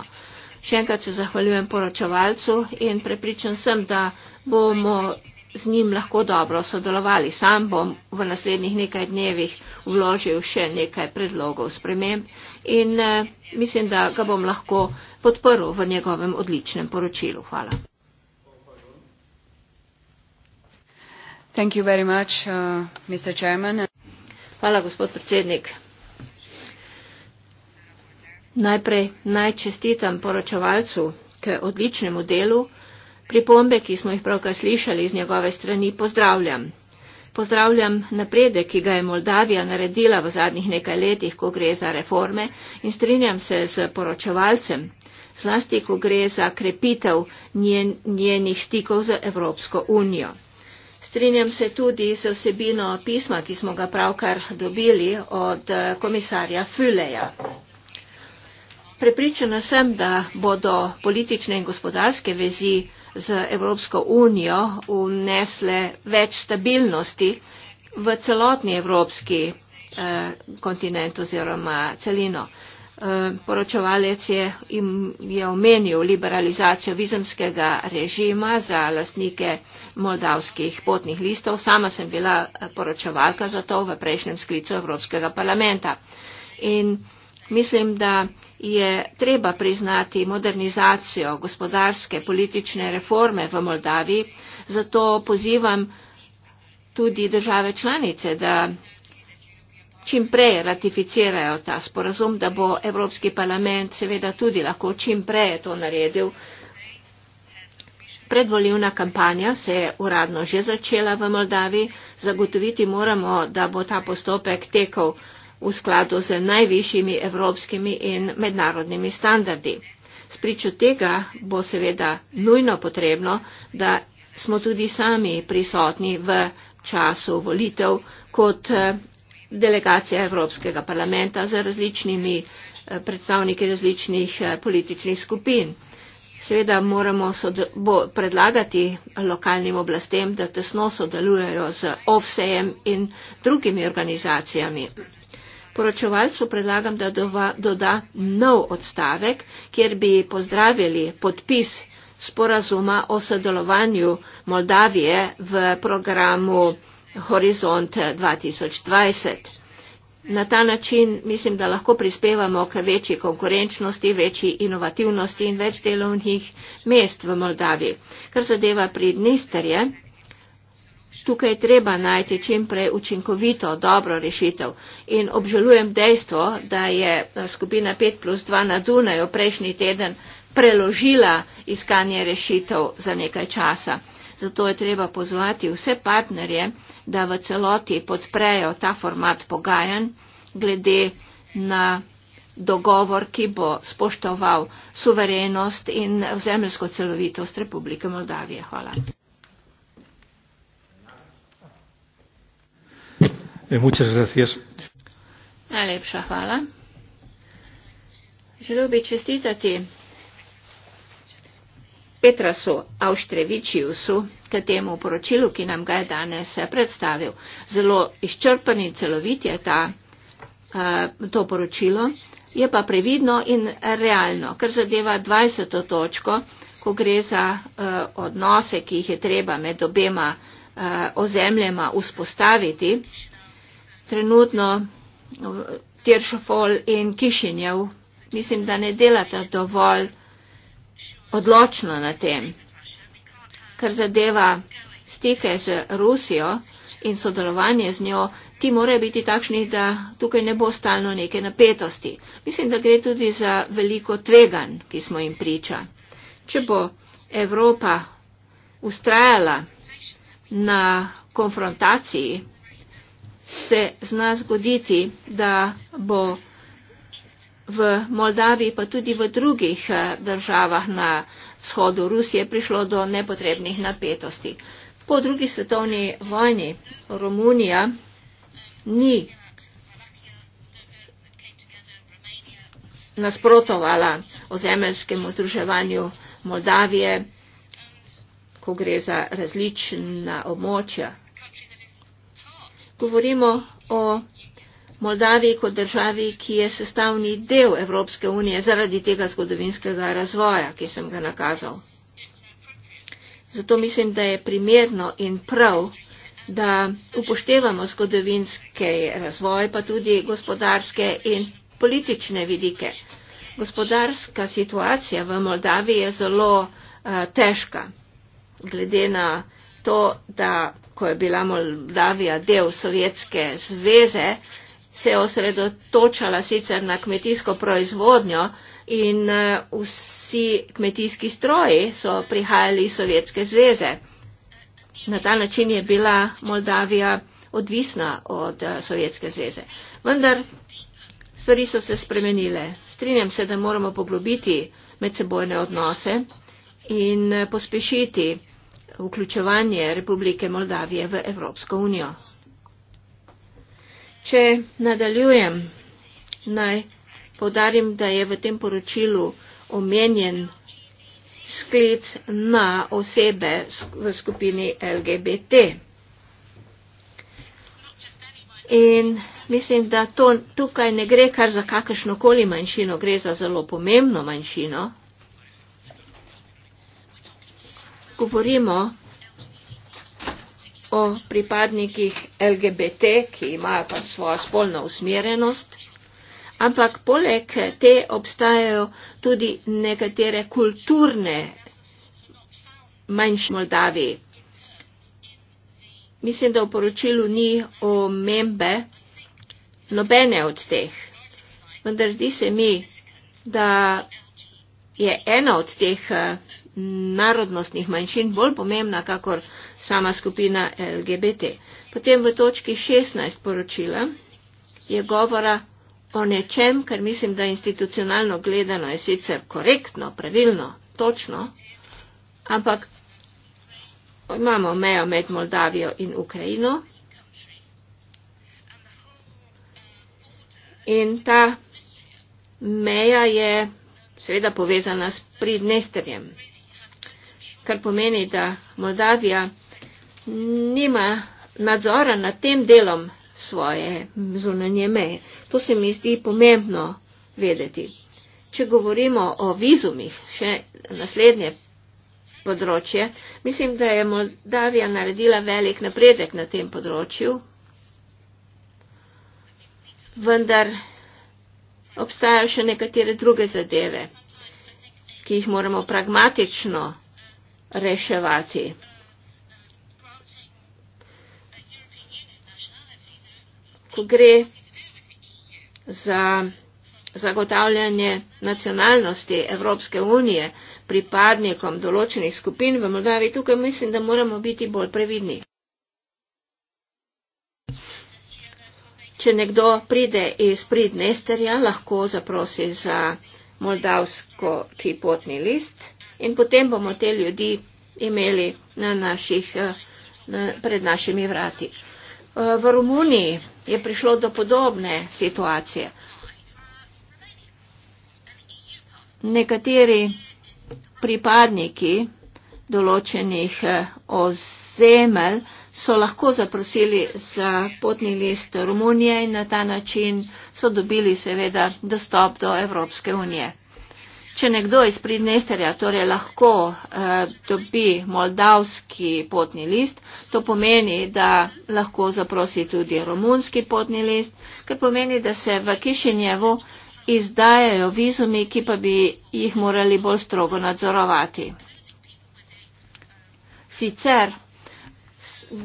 Še enkrat se zahvaljujem poročevalcu in prepričan sem, da bomo z njim lahko dobro sodelovali. Sam bom v naslednjih nekaj dnevih vložil še nekaj predlogov sprememb in eh, mislim, da ga bom lahko podprl v njegovem odličnem poročilu. Hvala. Uh, najprej naj čestitam poročevalcu k odličnemu delu pripombe ki smo jih pravkar slišali iz njegove strani pozdravljam pozdravljam napredek ki ga je moldavija naredila v zadnjih nekaj letih ko gre za reforme in strinjam se z poročevalcem zlasti ko gre za krepitev njen, njenih stikov z evropsko unijo Strinjam se tudi z vsebino pisma, ki smo ga pravkar dobili od eh, komisarja Füleja. Prepričana sem, da bodo politične in gospodarske vezi z Evropsko unijo unesle več stabilnosti v celotni evropski eh, kontinent oziroma celino. Eh, poročevalec je, im, je omenil liberalizacijo vizemskega režima za lastnike moldavskih potnih listov. Sama sem bila eh, poročevalka za to v prejšnjem sklicu Evropskega parlamenta. In mislim, da je treba priznati modernizacijo gospodarske politične reforme v Moldaviji, zato pozivam tudi države članice, da čim prej ratificirajo ta sporazum, da bo Evropski parlament seveda tudi lahko čim prej to naredil predvoljivna kampanja se je uradno že začela v Moldaviji. Zagotoviti moramo, da bo ta postopek tekel v skladu z najvišjimi evropskimi in mednarodnimi standardi. Spričo tega bo seveda nujno potrebno, da smo tudi sami prisotni v času volitev kot eh, delegacija Evropskega parlamenta z različnimi eh, predstavniki različnih eh, političnih skupin. Seveda moramo bo predlagati lokalnim oblastem, da tesno sodelujejo z OFSEM in drugimi organizacijami. Poročevalcu predlagam, da dova, doda nov odstavek, kjer bi pozdravili podpis sporazuma o sodelovanju Moldavije v programu Horizont 2020. Na ta način mislim, da lahko prispevamo k večji konkurenčnosti, večji inovativnosti in več delovnih mest v Moldavi. Kar zadeva pri Dnisterje, tukaj je treba najti čimprej učinkovito, dobro rešitev. In obžalujem dejstvo, da je eh, skupina 5 plus 2 na Dunaju prejšnji teden preložila iskanje rešitev za nekaj časa. Zato je treba pozvati vse partnerje, da v celoti podprejo ta format pogajanj glede na dogovor, ki bo spoštoval suverenost in zemljsko celovitost Republike Moldavije. Hvala. Eh, Najlepša hvala. Želel bi čestitati Petrasu Auštrevičiusu, podatke temu poročilu, ki nam ga je danes eh, predstavil. Zelo izčrpen in celovit je ta, eh, to poročilo, je pa previdno in realno, ker zadeva 20. točko, ko gre za eh, odnose, ki jih je treba med obema ozemljema vzpostaviti. Trenutno Tiršofol in Kišinjev mislim, da ne delata dovolj odločno na tem kar zadeva stike z Rusijo in sodelovanje z njo, ti morajo biti takšni, da tukaj ne bo stalno neke napetosti. Mislim, da gre tudi za veliko tvegan, ki smo jim priča. Če bo Evropa ustrajala na konfrontaciji, se zna zgoditi, da bo v Moldaviji, pa tudi v drugih eh, državah na vzhodu Rusije prišlo do nepotrebnih napetosti. Po drugi svetovni vojni Romunija ni nasprotovala o zemeljskem združevanju Moldavije, ko gre za različna območja. Govorimo o Moldaviji kot državi, ki je sestavni del Evropske unije zaradi tega zgodovinskega razvoja, ki sem ga nakazal. Zato mislim, da je primerno in prav, da upoštevamo zgodovinske razvoj, pa tudi gospodarske in politične vidike. Gospodarska situacija v Moldaviji je zelo uh, težka, glede na to, da ko je bila Moldavija del Sovjetske zveze, uh, se je osredotočala sicer na kmetijsko proizvodnjo in eh, vsi kmetijski stroji so prihajali iz Sovjetske zveze. Na ta način je bila Moldavija odvisna od eh, Sovjetske zveze. Vendar stvari so se spremenile. Strinjam se, da moramo poglobiti medsebojne odnose in eh, pospešiti vključevanje Republike Moldavije v Evropsko unijo. Če nadaljujem, naj podarim, da je v tem poročilu omenjen sklic na osebe v skupini LGBT. In mislim, da to, tukaj ne gre kar za kakršno koli manjšino, gre za zelo pomembno manjšino. Govorimo o pripadnikih LGBT, ki imajo pač svojo spolno usmerjenost, ampak poleg te obstajajo tudi nekatere kulturne manjši Moldavi. Mislim, da v poročilu ni omembe nobene od teh. Vendar zdi se mi, da je ena od teh eh, narodnostnih manjšin bolj pomembna, kakor sama skupina LGBT. Potem v točki 16 poročila je govora o nečem, kar mislim, da institucionalno gledano je sicer korektno, pravilno, točno, ampak imamo mejo med Moldavijo in Ukrajino. In ta meja je seveda povezana s Pridnesterjem, kar pomeni, da Moldavija nima nadzora nad tem delom svoje zunanje meje. To se mi zdi pomembno vedeti. Če govorimo o vizumih, še naslednje področje, mislim, da je Moldavija naredila velik napredek na tem področju, vendar obstajajo še nekatere druge zadeve, ki jih moramo pragmatično reševati. ko gre za zagotavljanje nacionalnosti Evropske unije pripadnikom določenih skupin v Moldavi, tukaj mislim, da moramo biti bolj previdni. Če nekdo pride iz Pridnesterja, lahko zaprosi za moldavsko pripotni list in potem bomo te ljudi imeli na naših, eh, na, pred našimi vrati. Eh, v Romuniji je prišlo do podobne situacije. Nekateri pripadniki določenih eh, ozemelj so lahko zaprosili za potni list Romunije in na ta način so dobili seveda dostop do Evropske unije. Če nekdo iz Pridnesterja torej lahko eh, dobi moldavski potni list, to pomeni, da lahko zaprosi tudi romunski potni list, kar pomeni, da se v Kišinjevu izdajajo vizumi, ki pa bi jih morali bolj strogo nadzorovati. Sicer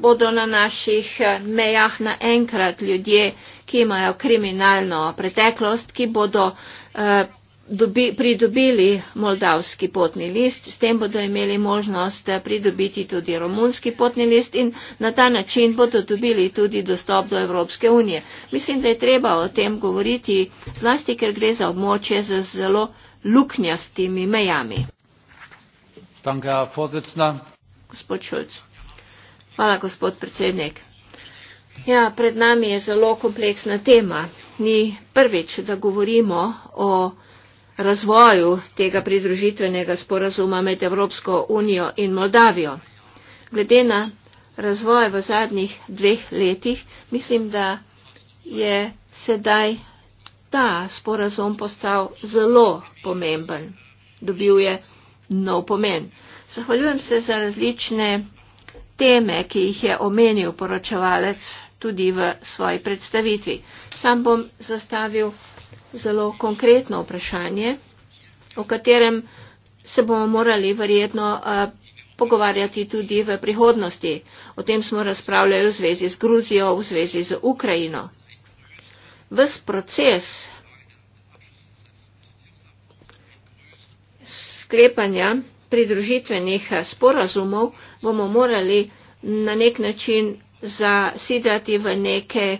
bodo na naših eh, mejah naenkrat ljudje, ki imajo kriminalno preteklost, ki bodo eh, dobi, pridobili moldavski potni list, s tem bodo imeli možnost eh, pridobiti tudi romunski potni list in na ta način bodo dobili tudi dostop do Evropske unije. Mislim, da je treba o tem govoriti, zlasti ker gre za območje z zelo luknjastimi mejami. Gospod Šulc. Hvala, gospod predsednik. Ja, pred nami je zelo kompleksna tema. Ni prvič, da govorimo o razvoju tega pridružitvenega sporazuma med Evropsko unijo in Moldavijo. Glede na razvoj v zadnjih dveh letih, mislim, da je sedaj ta sporazum postal zelo pomemben. Dobil je nov pomen. Zahvaljujem se za različne teme, ki jih je omenil poročevalec tudi v svoji predstavitvi. Sam bom zastavil zelo konkretno vprašanje, o katerem se bomo morali verjetno eh, pogovarjati tudi v prihodnosti. O tem smo razpravljali v zvezi z Gruzijo, v zvezi z Ukrajino. Ves proces sklepanja pridružitvenih eh, sporazumov bomo morali na nek način zasidati v neke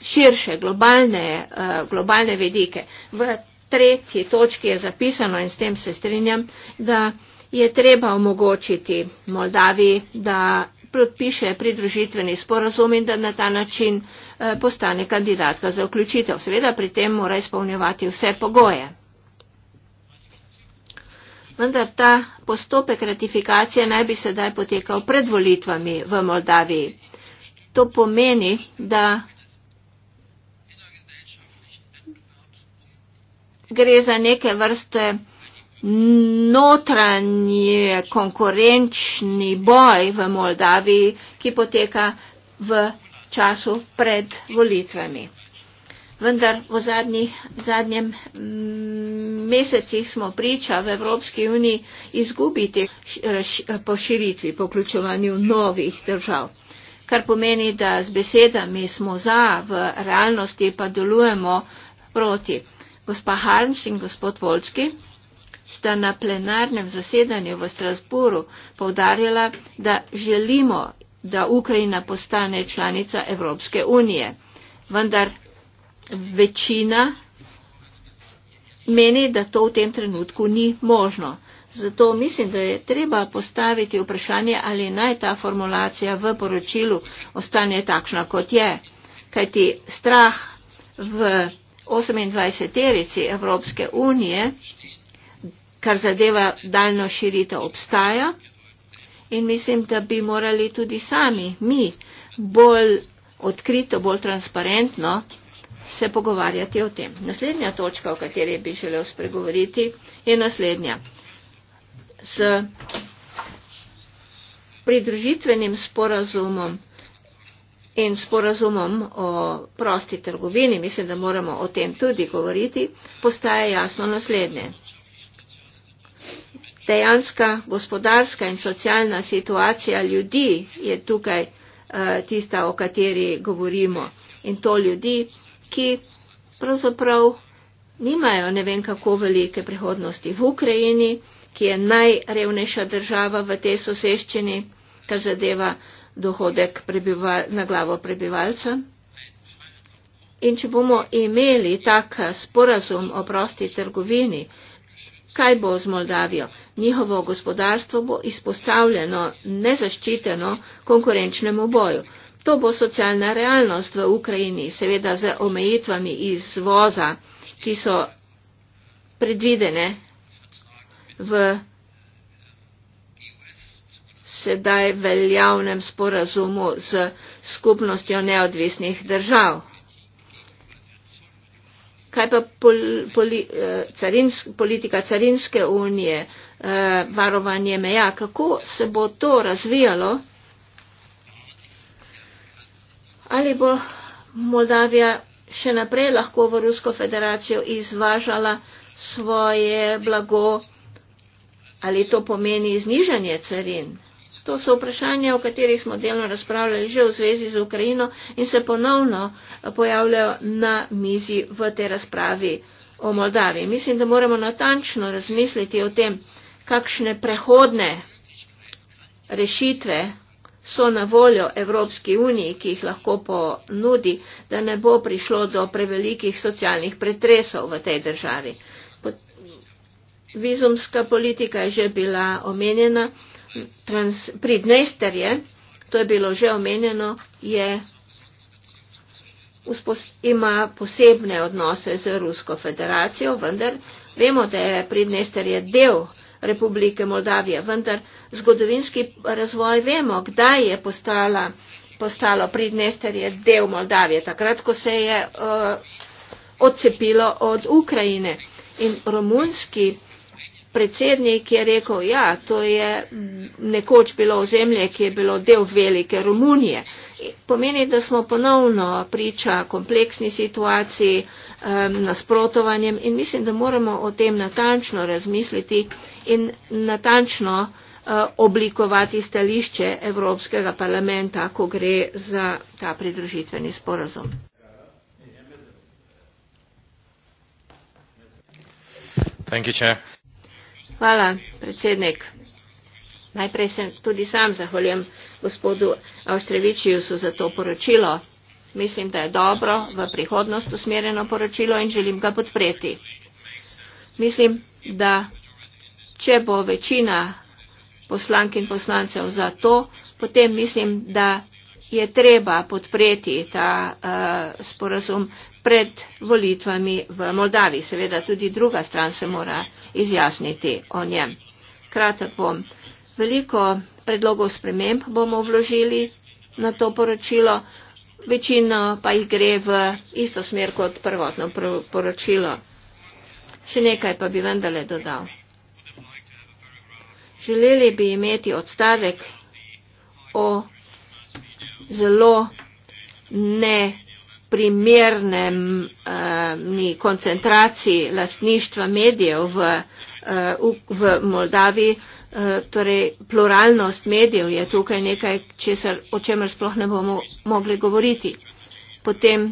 širše globalne, eh, globalne vedike. V tretji točki je zapisano in s tem se strinjam, da je treba omogočiti Moldaviji, da podpiše pridružitveni sporazum in da na ta način eh, postane kandidatka za vključitev. Seveda pri tem mora izpolnjevati vse pogoje. Vendar ta postopek ratifikacije naj bi sedaj potekal pred volitvami v Moldaviji. To pomeni, da gre za neke vrste notranji konkurenčni boj v Moldaviji, ki poteka v času pred volitvami. Vendar v zadnjih, zadnjem mm, mesecih smo priča v Evropski uniji izgubiti poširitvi, poključovanju novih držav kar pomeni, da z besedami smo za, v realnosti pa delujemo proti. Gospa Harms in gospod Volčki sta na plenarnem zasedanju v Strasburu povdarjala, da želimo, da Ukrajina postane članica Evropske unije. Vendar večina meni, da to v tem trenutku ni možno. Zato mislim, da je treba postaviti vprašanje, ali naj ta formulacija v poročilu ostane takšna, kot je. Kajti strah v 28-terici Evropske unije, kar zadeva daljno širitev, obstaja. In mislim, da bi morali tudi sami, mi, bolj odkrito, bolj transparentno se pogovarjati o tem. Naslednja točka, o kateri bi želel spregovoriti, je naslednja s pridružitvenim sporazumom in sporazumom o prosti trgovini, mislim, da moramo o tem tudi govoriti, postaje jasno naslednje. Dejanska gospodarska in socialna situacija ljudi je tukaj eh, tista, o kateri govorimo. In to ljudi, ki pravzaprav nimajo ne vem kako velike prihodnosti v Ukrajini ki je najrevnejša država v tej soseščini, kar zadeva dohodek prebival, na glavo prebivalca. In če bomo imeli tak eh, sporazum o prosti trgovini, kaj bo z Moldavijo? Njihovo gospodarstvo bo izpostavljeno nezaščiteno konkurenčnemu boju. To bo socialna realnost v Ukrajini, seveda z omejitvami izvoza, ki so predvidene v sedaj veljavnem sporazumu z skupnostjo neodvisnih držav. Kaj pa pol, poli, eh, carins, politika carinske unije, eh, varovanje meja, kako se bo to razvijalo? Ali bo Moldavija še naprej lahko v Rusko federacijo izvažala svoje blago? Ali to pomeni znižanje carin? To so vprašanja, o katerih smo delno razpravljali že v zvezi z Ukrajino in se ponovno pojavljajo na mizi v tej razpravi o Moldaviji. Mislim, da moramo natančno razmisliti o tem, kakšne prehodne rešitve so na voljo Evropski uniji, ki jih lahko ponudi, da ne bo prišlo do prevelikih socialnih pretresov v tej državi. Vizumska politika je že bila omenjena, Trans, pri Dnester je, to je bilo že omenjeno, je, uspos, ima posebne odnose z Rusko federacijo, vendar vemo, da je pri Dnester je del Republike Moldavije, vendar zgodovinski razvoj vemo, kdaj je postala, postalo pri Dnester je del Moldavije, takrat, ko se je uh, odcepilo od Ukrajine. In romunski predsednik je rekel, ja, to je nekoč bilo ozemlje, ki je bilo del velike Romunije. Pomeni, da smo ponovno priča kompleksni situaciji, um, nasprotovanjem in mislim, da moramo o tem natančno razmisliti in natančno uh, oblikovati stališče Evropskega parlamenta, ko gre za ta pridružitveni sporazum. Thank you, Chair. Hvala, predsednik. Najprej se tudi sam zahvaljujem gospodu Avstrevičiju za to poročilo. Mislim, da je dobro v prihodnost usmerjeno poročilo in želim ga podpreti. Mislim, da če bo večina poslank in poslancev za to, potem mislim, da je treba podpreti ta uh, sporazum pred volitvami v Moldaviji. Seveda tudi druga stran se mora izjasniti o njem. Kratek bom. Veliko predlogov sprememb bomo vložili na to poročilo, večino pa jih gre v isto smer kot prvotno poročilo. Še nekaj pa bi vendarle dodal. Želeli bi imeti odstavek o zelo ne primernem uh, koncentraciji lastništva medijev v, uh, v Moldavi, uh, eh, torej pluralnost medijev je tukaj nekaj, česar, o čemer sploh ne bomo mogli govoriti. Potem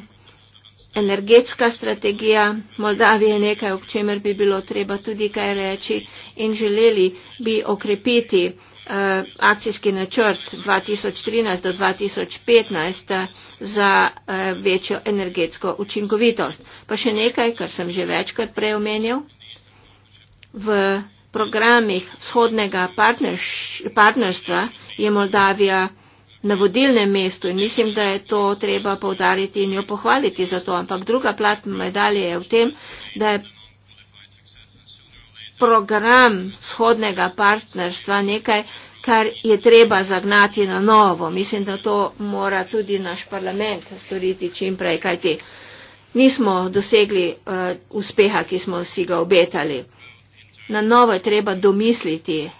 energetska strategija Moldavije je nekaj, o čemer bi bilo treba tudi kaj reči in želeli bi okrepiti uh, Eh, akcijski načrt 2013 do 2015 eh, za eh, večjo energetsko učinkovitost. Pa še nekaj, kar sem že večkrat preomenil. V programih vzhodnega partnerstva je Moldavija na vodilnem mestu in mislim, da je to treba povdariti in jo pohvaliti za to. Ampak druga plat medalje je v tem, da je program shodnega partnerstva nekaj, kar je treba zagnati na novo. Mislim, da to mora tudi naš parlament storiti čimprej, kajti nismo dosegli uh, uspeha, ki smo si ga obetali. Na novo je treba domisliti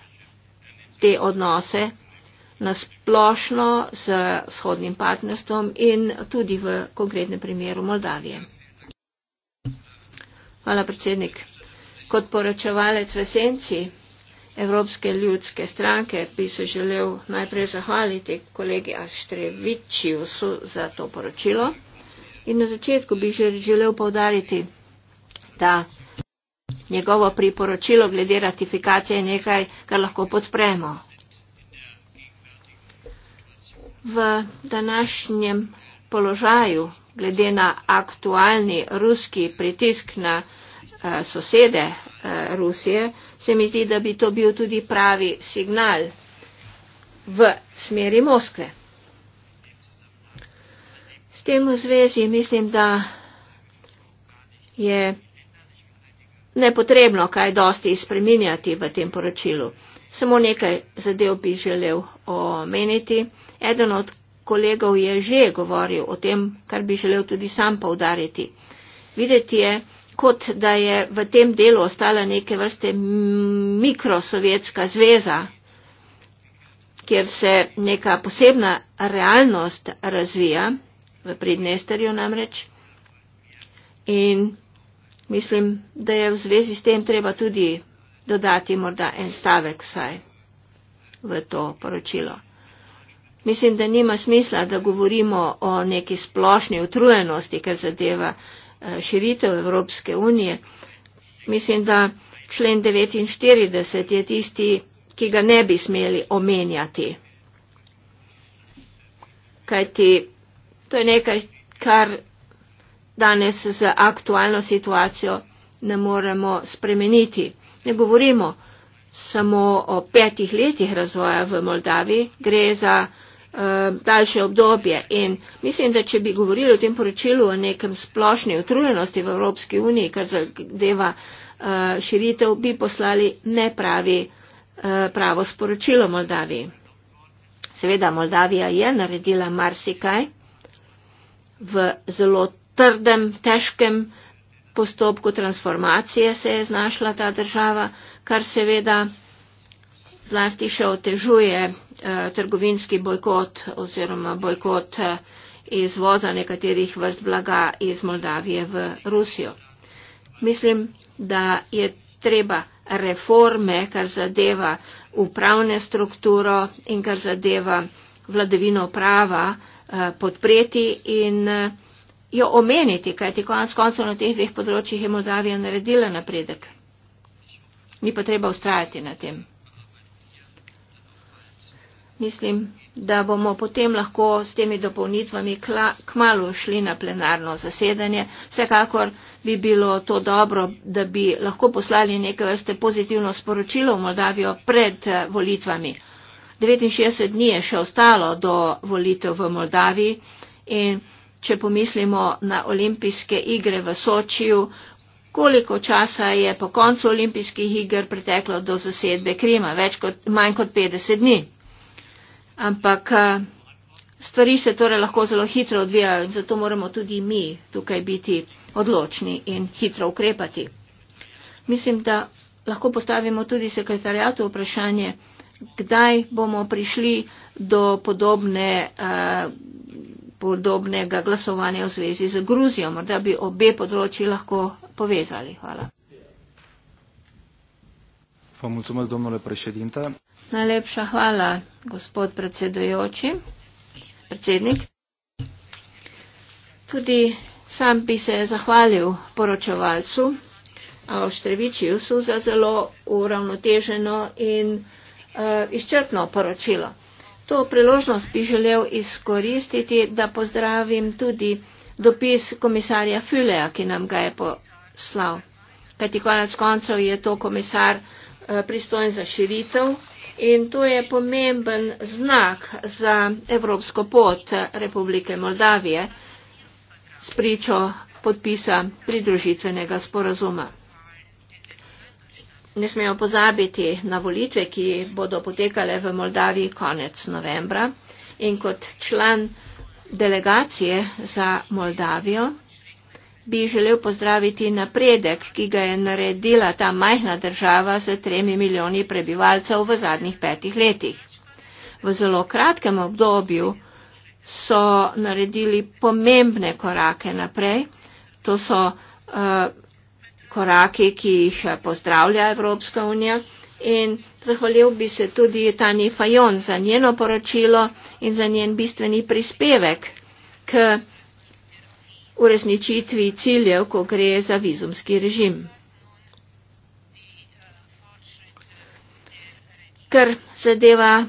te odnose na splošno z shodnim partnerstvom in tudi v konkretnem primeru Moldavije. Hvala, predsednik kot poročevalec v senci Evropske ljudske stranke bi se želel najprej zahvaliti kolegi Aštrevičiusu za to poročilo. In na začetku bi želel povdariti, da njegovo priporočilo glede ratifikacije je nekaj, kar lahko podpremo. V današnjem položaju, glede na aktualni ruski pritisk na Evropske ljudske stranke, Eh, sosede eh, Rusije, se mi zdi, da bi to bil tudi pravi signal v smeri Moskve. S tem v zvezi mislim, da je nepotrebno kaj dosti spreminjati v tem poročilu. Samo nekaj zadev bi želel omeniti. Eden od kolegov je že govoril o tem, kar bi želel tudi sam povdariti. Videti je, kot da je v tem delu ostala neke vrste mikrosovjetska zveza, kjer se neka posebna realnost razvija, v prednesterju namreč. In mislim, da je v zvezi s tem treba tudi dodati morda en stavek vsaj v to poročilo. Mislim, da nima smisla, da govorimo o neki splošni utrujenosti, ker zadeva Eh, širitev Evropske unije. Mislim, da člen 49 je tisti, ki ga ne bi smeli omenjati. Kajti to je nekaj, kar danes z aktualno situacijo ne moremo spremeniti. Ne govorimo samo o petih letih razvoja v Moldavi, gre za Eh, daljše obdobje. In mislim, da če bi govorili o tem poročilu o nekem splošni utrujenosti v Evropski uniji, kar zadeva eh, širitev, bi poslali nepravi eh, pravo sporočilo Moldaviji. Seveda, Moldavija je naredila marsikaj v zelo trdem, težkem postopku transformacije se je znašla ta država, kar seveda zlasti še otežuje Eh, trgovinski bojkot oziroma bojkot eh, izvoza nekaterih vrst blaga iz Moldavije v Rusijo. Mislim, da je treba reforme, kar zadeva upravne strukturo in kar zadeva vladavino prava, eh, podpreti in jo omeniti, kajti konec koncev na teh dveh področjih je Moldavija naredila napredek. Ni pa treba ustrajati na tem mislim, da bomo potem lahko s temi dopolnitvami kmalo šli na plenarno zasedanje. Vsekakor bi bilo to dobro, da bi lahko poslali neke vrste pozitivno sporočilo v Moldavijo pred eh, volitvami. 69 dni je še ostalo do volitev v Moldaviji in če pomislimo na olimpijske igre v Sočiju, koliko časa je po koncu olimpijskih iger preteklo do zasedbe Krima, več kot, manj kot 50 dni ampak eh, stvari se torej lahko zelo hitro odvijajo in zato moramo tudi mi tukaj biti odločni in hitro ukrepati. Mislim, da lahko postavimo tudi sekretarjatu vprašanje, kdaj bomo prišli do podobne, uh, podobnega glasovanja v zvezi z Gruzijo, morda bi obe področji lahko povezali. Hvala. Najlepša hvala, gospod predsedujoči, predsednik. Tudi sam bi se zahvalil poročevalcu Avštrevičiusu za zelo uravnoteženo in uh, izčrpno poročilo. To priložnost bi želel izkoristiti, da pozdravim tudi dopis komisarja Füleja, ki nam ga je poslal. Kajti konec koncev je to komisar uh, pristojen za širitev In to je pomemben znak za evropsko pot Republike Moldavije s pričo podpisa pridružitvenega sporazuma. Ne smemo pozabiti na volitve, ki bodo potekale v Moldaviji konec novembra. In kot član delegacije za Moldavijo bi želel pozdraviti napredek, ki ga je naredila ta majhna država z tremi milijoni prebivalcev v zadnjih petih letih. V zelo kratkem obdobju so naredili pomembne korake naprej. To so uh, koraki, ki jih pozdravlja Evropska unija. In zahvalil bi se tudi Tani Fajon za njeno poročilo in za njen bistveni prispevek k uresničitvi ciljev, ko gre za vizumski režim. Kar zadeva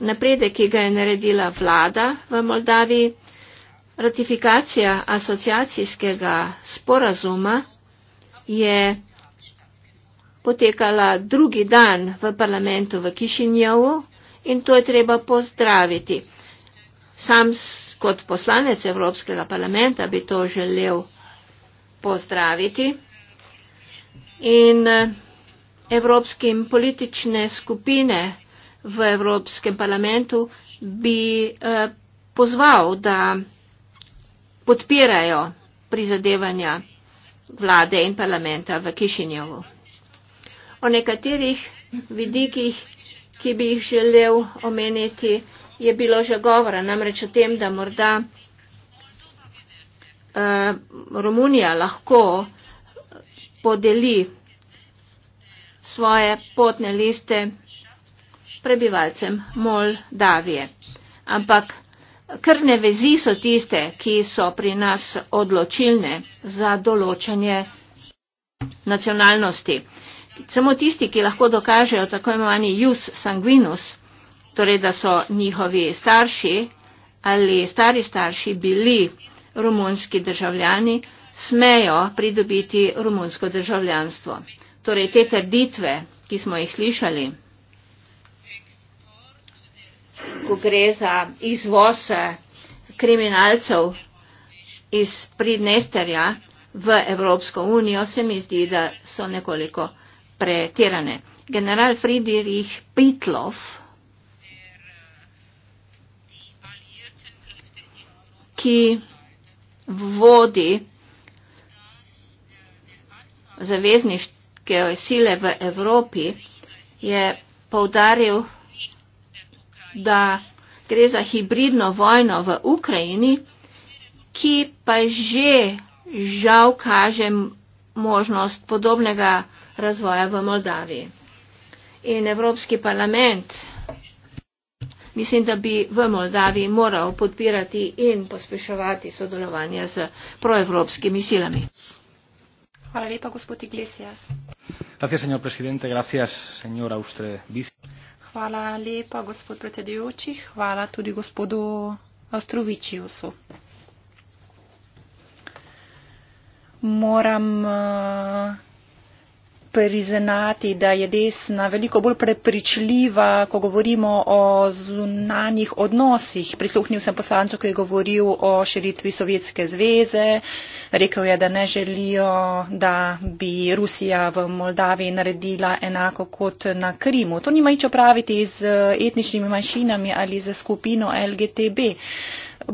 napredek, ki ga je naredila vlada v Moldaviji, ratifikacija asociacijskega sporazuma je potekala drugi dan v parlamentu v Kišinjovu in to je treba pozdraviti. Sam kot poslanec Evropskega parlamenta bi to želel pozdraviti. In eh, evropskim politične skupine v Evropskem parlamentu bi eh, pozval, da podpirajo prizadevanja vlade in parlamenta v Kišinjovu. O nekaterih vidikih, ki bi jih želel omeniti, je bilo že govora, namreč o tem, da morda uh, Romunija lahko podeli svoje potne liste prebivalcem Moldavije. Ampak krvne vezi so tiste, ki so pri nas odločilne za določanje nacionalnosti. Samo tisti, ki lahko dokažejo tako imenovani jus sanguinus, torej da so njihovi starši ali stari starši bili romunski državljani, smejo pridobiti romunsko državljanstvo. Torej te trditve, ki smo jih slišali, ko gre za izvoz eh, kriminalcev iz Pridnesterja v Evropsko unijo, se mi zdi, da so nekoliko pretirane. General Friedrich Pitlov ki vodi zavezniške sile v Evropi, je povdaril, da gre za hibridno vojno v Ukrajini, ki pa že žal kaže možnost podobnega razvoja v Moldaviji. In Evropski parlament mislim, da bi v Moldaviji moral podpirati in pospeševati sodelovanje z proevropskimi silami. Hvala lepa, gospod Iglesias. Hvala lepa, gospod predsedujoči. Hvala tudi gospodu Ostrovičiusu. Moram uh, priznati, da je desna veliko bolj prepričljiva, ko govorimo o zunanjih odnosih. Prisluhnil sem poslancu, ki je govoril o širitvi Sovjetske zveze. Rekel je, da ne želijo, da bi Rusija v Moldaviji naredila enako kot na Krimu. To nima nič opraviti z etničnimi manjšinami ali z skupino LGTB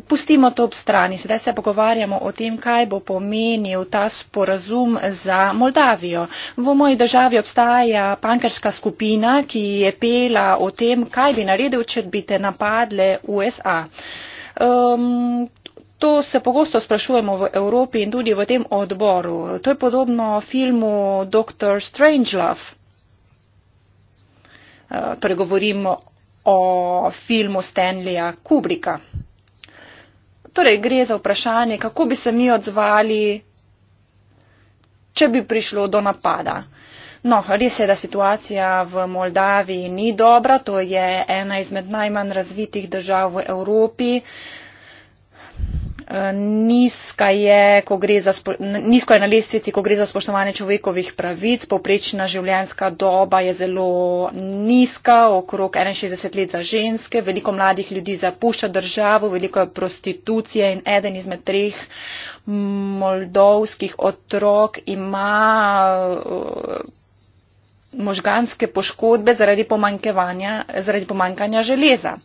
pustimo to ob strani. Sedaj se pogovarjamo o tem, kaj bo pomenil ta sporazum za Moldavijo. V moji državi obstaja pankerska skupina, ki je pela o tem, kaj bi naredil, če bi te napadle USA. Um, To se pogosto sprašujemo v Evropi in tudi v tem odboru. To je podobno filmu Dr. Strangelove. Torej govorimo o filmu Stanleya Kubrika. Torej, gre za vprašanje, kako bi se mi odzvali, če bi prišlo do napada. No, res je, da situacija v Moldaviji ni dobra, to je ena izmed najmanj razvitih držav v Evropi. Uh, Eh, nizka je, spo, nizko je na lestvici, ko gre za spoštovanje človekovih pravic, poprečna življenjska doba je zelo nizka, okrog 61 let za ženske, veliko mladih ljudi zapušča državo, veliko je prostitucije in eden izmed treh moldovskih otrok ima eh, možganske poškodbe zaradi, zaradi pomankanja železa.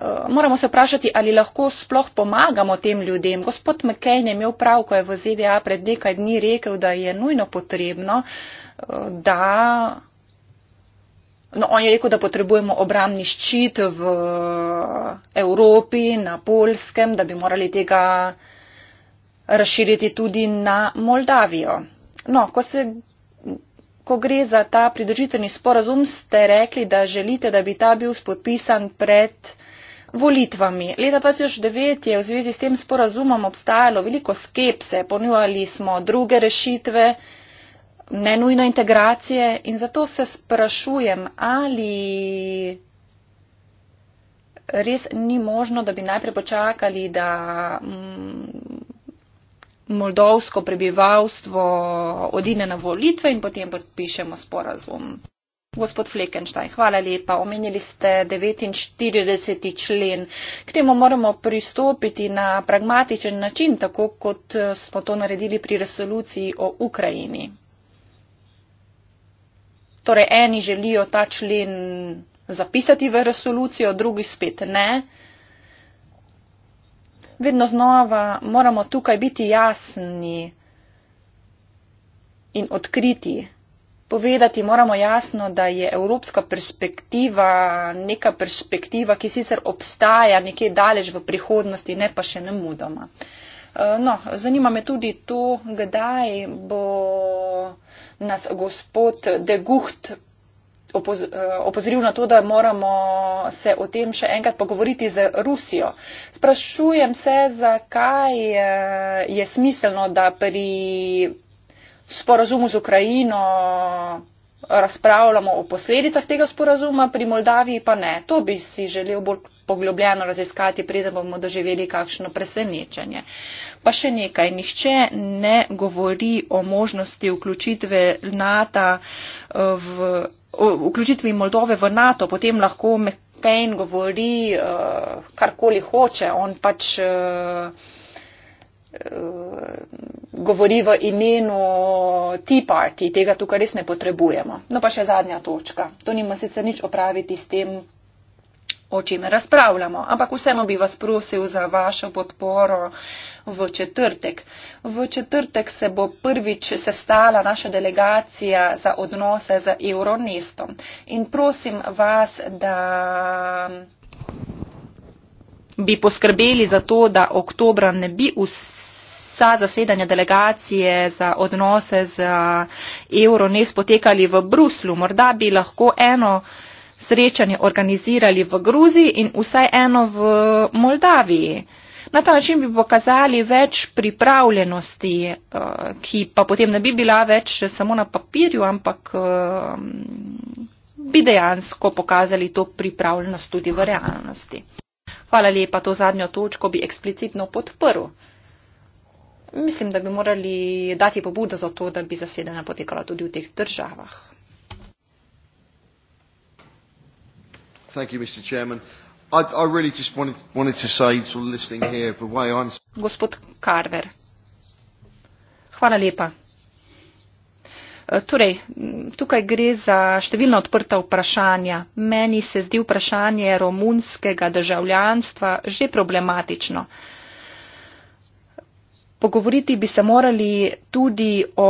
Eh, moramo se vprašati, ali lahko sploh pomagamo tem ljudem. Gospod McCain je imel prav, ko je v ZDA pred nekaj dni rekel, da je nujno potrebno, eh, da. No, on je rekel, da potrebujemo obramni ščit v eh, Evropi, na Polskem, da bi morali tega razširiti tudi na Moldavijo. No, ko, se, ko gre za ta pridržitveni sporazum, ste rekli, da želite, da bi ta bil spodpisan pred volitvami. Leta 2009 je v zvezi s tem sporazumom obstajalo veliko skepse, ponujali smo druge rešitve, nenujno integracije in zato se sprašujem, ali res ni možno, da bi najprej počakali, da mm, moldovsko prebivalstvo odine na volitve in potem podpišemo sporazum. Gospod Flekenštajn, hvala lepa. Omenili ste 49. člen. K temu moramo pristopiti na pragmatičen način, tako kot eh, smo to naredili pri resoluciji o Ukrajini. Torej, eni želijo ta člen zapisati v resolucijo, drugi spet ne. Vedno znova moramo tukaj biti jasni in odkriti povedati, moramo jasno, da je evropska perspektiva neka perspektiva, ki sicer obstaja nekje daleč v prihodnosti, ne pa še ne mudoma. Eh, no, zanima me tudi to, kdaj bo nas gospod De Gucht opoz eh, opozoril na to, da moramo se o tem še enkrat pogovoriti z Rusijo. Sprašujem se, zakaj eh, je smiselno, da pri sporazumu z Ukrajino razpravljamo o posledicah tega sporazuma, pri Moldaviji pa ne. To bi si želel bolj poglobljeno raziskati, preden bomo doživeli kakšno presenečenje. Pa še nekaj, nihče ne govori o možnosti vključitve NATO eh, v vključitvi Moldove v NATO, potem lahko McCain govori uh, karkoli hoče, on pač uh, Eh, govori v imenu Tea Party, tega tukaj res ne potrebujemo. No pa še zadnja točka. To nima sicer nič opraviti s tem, o čem razpravljamo, ampak vseeno bi vas prosil za vašo podporo v četrtek. V četrtek se bo prvič sestala naša delegacija za odnose z Euronestom in prosim vas, da bi poskrbeli za to, da oktober ne bi vse marca zasedanja delegacije za odnose z Euronest potekali v Bruslu. Morda bi lahko eno srečanje organizirali v Gruziji in vsaj eno v Moldaviji. Na ta način bi pokazali več pripravljenosti, ki pa potem ne bi bila več samo na papirju, ampak bi dejansko pokazali to pripravljenost tudi v realnosti. Hvala lepa, to zadnjo točko bi eksplicitno podprl mislim, da bi morali dati pobudo za to, da bi zasedena potekala tudi v teh državah. Gospod Carver, hvala lepa. E, torej, tukaj gre za številna odprta vprašanja. Meni se zdi vprašanje romunskega državljanstva že problematično. Uh, Pogovoriti bi se morali tudi o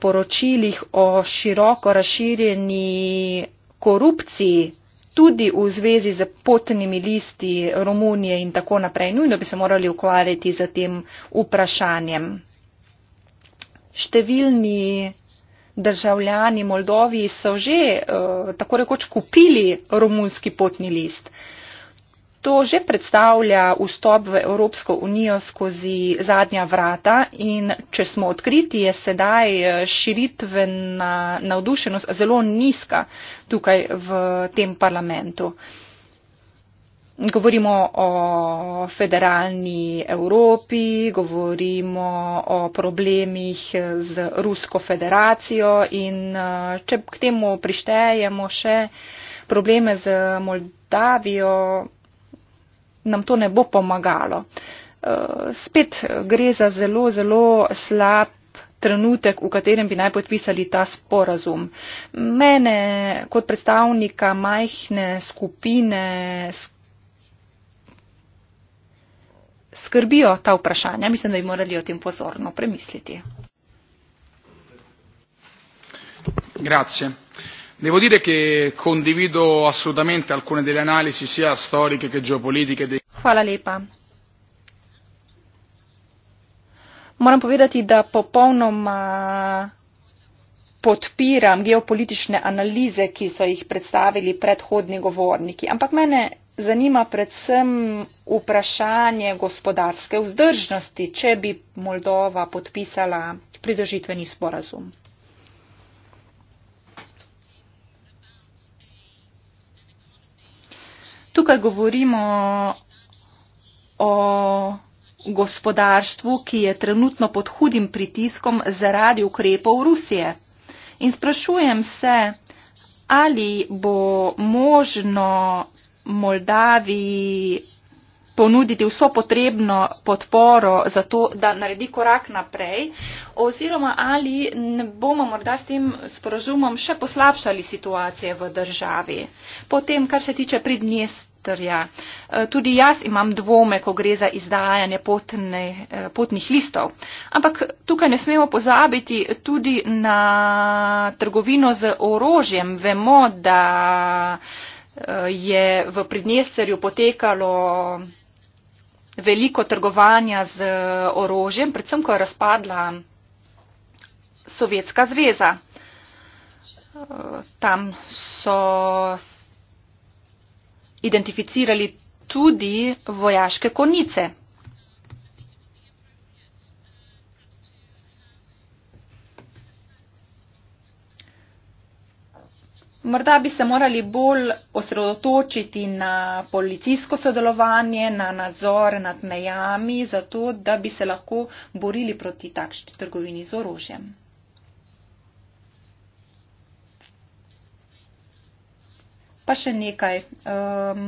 poročilih o široko razširjeni korupciji, tudi v zvezi z potnimi listi Romunije in tako naprej. Nujno bi se morali ukvarjati z tem vprašanjem. Številni državljani Moldovi so že eh, tako rekoč kupili romunski potni list. Eh, to že predstavlja vstop v Evropsko unijo skozi zadnja vrata in če smo odkriti, je sedaj eh, širitvena navdušenost zelo nizka tukaj v tem parlamentu. Govorimo o federalni Evropi, govorimo o problemih eh, z Rusko federacijo in eh, če k temu prištejemo še probleme z Moldavijo, nam to ne bo pomagalo. Eh, spet gre za zelo, zelo slab trenutek, v katerem bi naj podpisali ta sporazum. Mene kot predstavnika majhne skupine skrbijo ta vprašanja. Mislim, da bi morali o tem pozorno premisliti. Grazie devo dire che condivido assolutamente alcune delle analisi sia storiche che geopolitiche. De... Hvala lepa. Moram povedati, da popolnoma eh, podpiram geopolitične analize, ki so jih predstavili predhodni govorniki. Ampak mene zanima predvsem vprašanje gospodarske vzdržnosti, če bi Moldova podpisala pridržitveni sporazum. Tukaj govorimo o gospodarstvu, ki je trenutno pod hudim pritiskom zaradi ukrepov Rusije. In sprašujem se, ali bo možno Moldaviji ponuditi vso potrebno podporo za to, da naredi korak naprej, oziroma ali ne bomo morda s tem sporozumom še poslabšali situacije v državi. Potem, kar se tiče pridnjestrja, e, tudi jaz imam dvome, ko gre za izdajanje potne, e, potnih listov, ampak tukaj ne smemo pozabiti tudi na trgovino z orožjem. Vemo, da e, je v pridnjestrju potekalo veliko trgovanja z eh, orožjem, predvsem ko je razpadla Sovjetska zveza. Eh, tam so identificirali tudi vojaške konice. Morda bi se morali bolj osredotočiti na policijsko sodelovanje, na nadzor nad mejami, zato da bi se lahko borili proti takšni trgovini z orožjem. Pa še nekaj, um,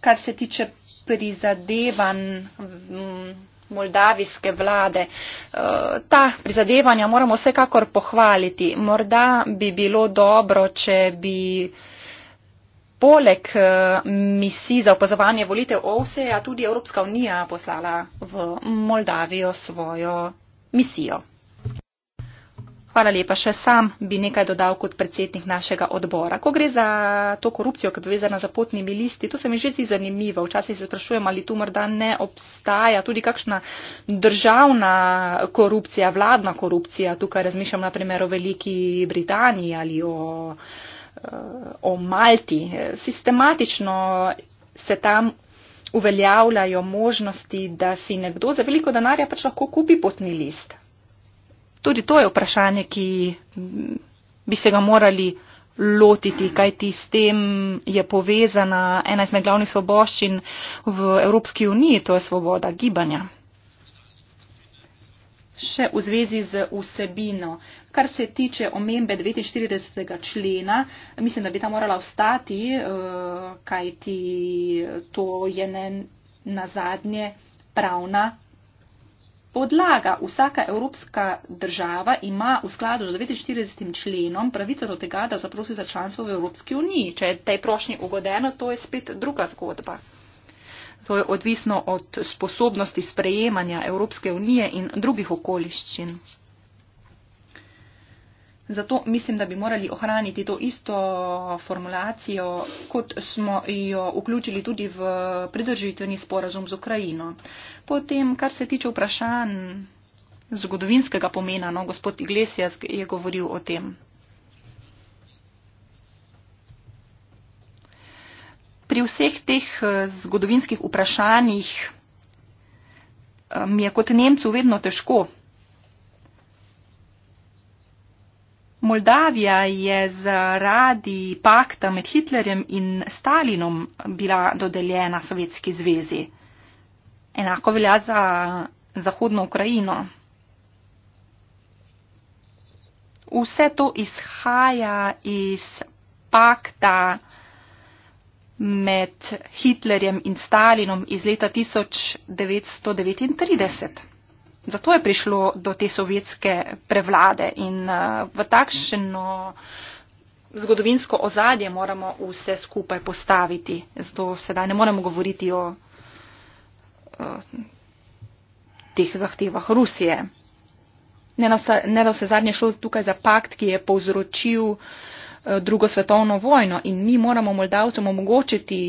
kar se tiče prizadevanj. Um, moldavijske vlade. Eh, ta prizadevanja moramo vsekakor pohvaliti. Morda bi bilo dobro, če bi poleg eh, misij za opazovanje volitev OVSE-ja tudi Evropska unija poslala v Moldavijo svojo misijo. Hvala lepa. Še sam bi nekaj dodal kot predsednik našega odbora. Ko gre za to korupcijo, ki je povezana z potnimi listi, to se mi že zdi zanimivo. Včasih se sprašujem, ali tu morda ne obstaja tudi kakšna državna korupcija, vladna korupcija. Tukaj razmišljam naprimer o Veliki Britaniji ali o, eh, o Malti. Sistematično se tam uveljavljajo možnosti, da si nekdo za veliko denarja pač lahko kupi potni list. Tudi to je vprašanje, ki mm, bi se ga morali lotiti, kajti s tem je povezana ena izmed glavnih svoboščin v Evropski uniji, to je svoboda gibanja. Še v zvezi z vsebino. Kar se tiče omembe 49. člena, mislim, da bi ta morala ostati, eh, kajti to je ne nazadnje pravna Podlaga vsaka evropska država ima v skladu z 49. členom pravico do tega, da zaprosi za članstvo v Evropski uniji. Če je tej prošnji ugodeno, to je spet druga zgodba. To je odvisno od sposobnosti sprejemanja Evropske unije in drugih okoliščin. Zato mislim, da bi morali ohraniti to isto formulacijo, kot smo jo vključili tudi v pridržitveni sporazum z Ukrajino. Potem, kar se tiče vprašanj zgodovinskega pomena, no, gospod Iglesias je govoril o tem. Pri vseh teh eh, zgodovinskih vprašanjih eh, mi je kot Nemcu vedno težko Moldavija je zaradi pakta med Hitlerjem in Stalinom bila dodeljena Sovjetski zvezi. Enako velja za Zahodno Ukrajino. Vse to izhaja iz pakta med Hitlerjem in Stalinom iz leta 1939. Zato je prišlo do te sovjetske prevlade in eh, v takšno zgodovinsko ozadje moramo vse skupaj postaviti. Zato sedaj ne moremo govoriti o, o eh, teh zahtevah Rusije. Ne da vse zadnje šlo tukaj za pakt, ki je povzročil eh, drugo svetovno vojno in mi moramo Moldavcem omogočiti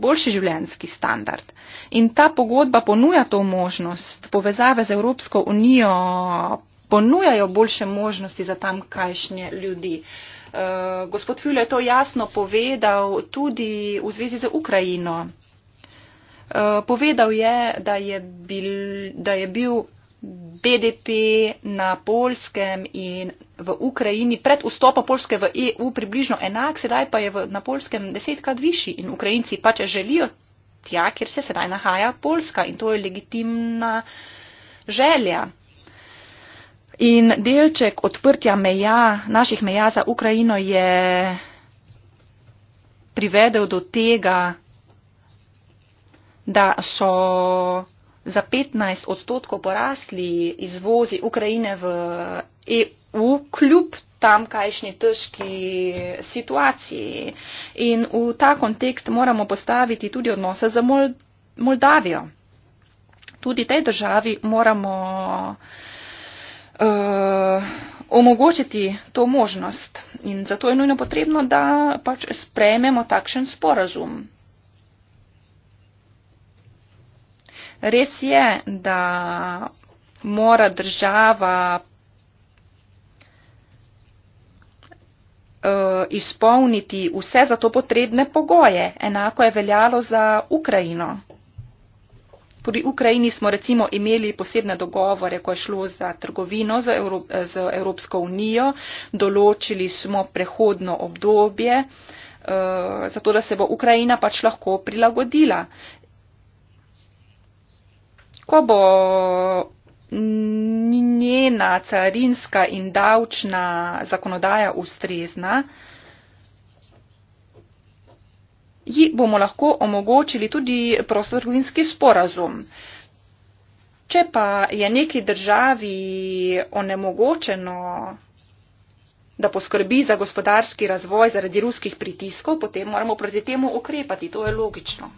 boljši življenski standard. In ta pogodba ponuja to možnost, povezave z Evropsko unijo ponujajo boljše možnosti za tamkajšnje ljudi. Eh, gospod Fjul je to jasno povedal tudi v zvezi z Ukrajino. Eh, povedal je, da je bil, da je bil BDP na polskem in v Ukrajini pred vstopom Polske v EU približno enak, sedaj pa je v, na polskem desetkrat višji in Ukrajinci pač želijo tja, kjer se sedaj nahaja Polska in to je legitimna želja. In delček odprtja meja, naših meja za Ukrajino je privedel do tega, da so za 15 odstotkov porasli izvozi Ukrajine v EU, kljub tamkajšnji težki situaciji. In v ta kontekst moramo postaviti tudi odnose z Moldavijo. Tudi tej državi moramo uh, omogočiti to možnost. In zato je nujno potrebno, da pač sprejmemo takšen sporazum. Res je, da mora država eh, izpolniti vse za to potrebne pogoje. Enako je veljalo za Ukrajino. Pri Ukrajini smo recimo imeli posebne dogovore, ko je šlo za trgovino z, Evro z Evropsko unijo. Določili smo prehodno obdobje, uh, zato da se bo Ukrajina pač lahko prilagodila ko bo njena carinska in davčna zakonodaja ustrezna, ji bomo lahko omogočili tudi prostorovinski sporazum. Če pa je neki državi onemogočeno, da poskrbi za gospodarski razvoj zaradi ruskih pritiskov, potem moramo proti temu ukrepati. To je logično.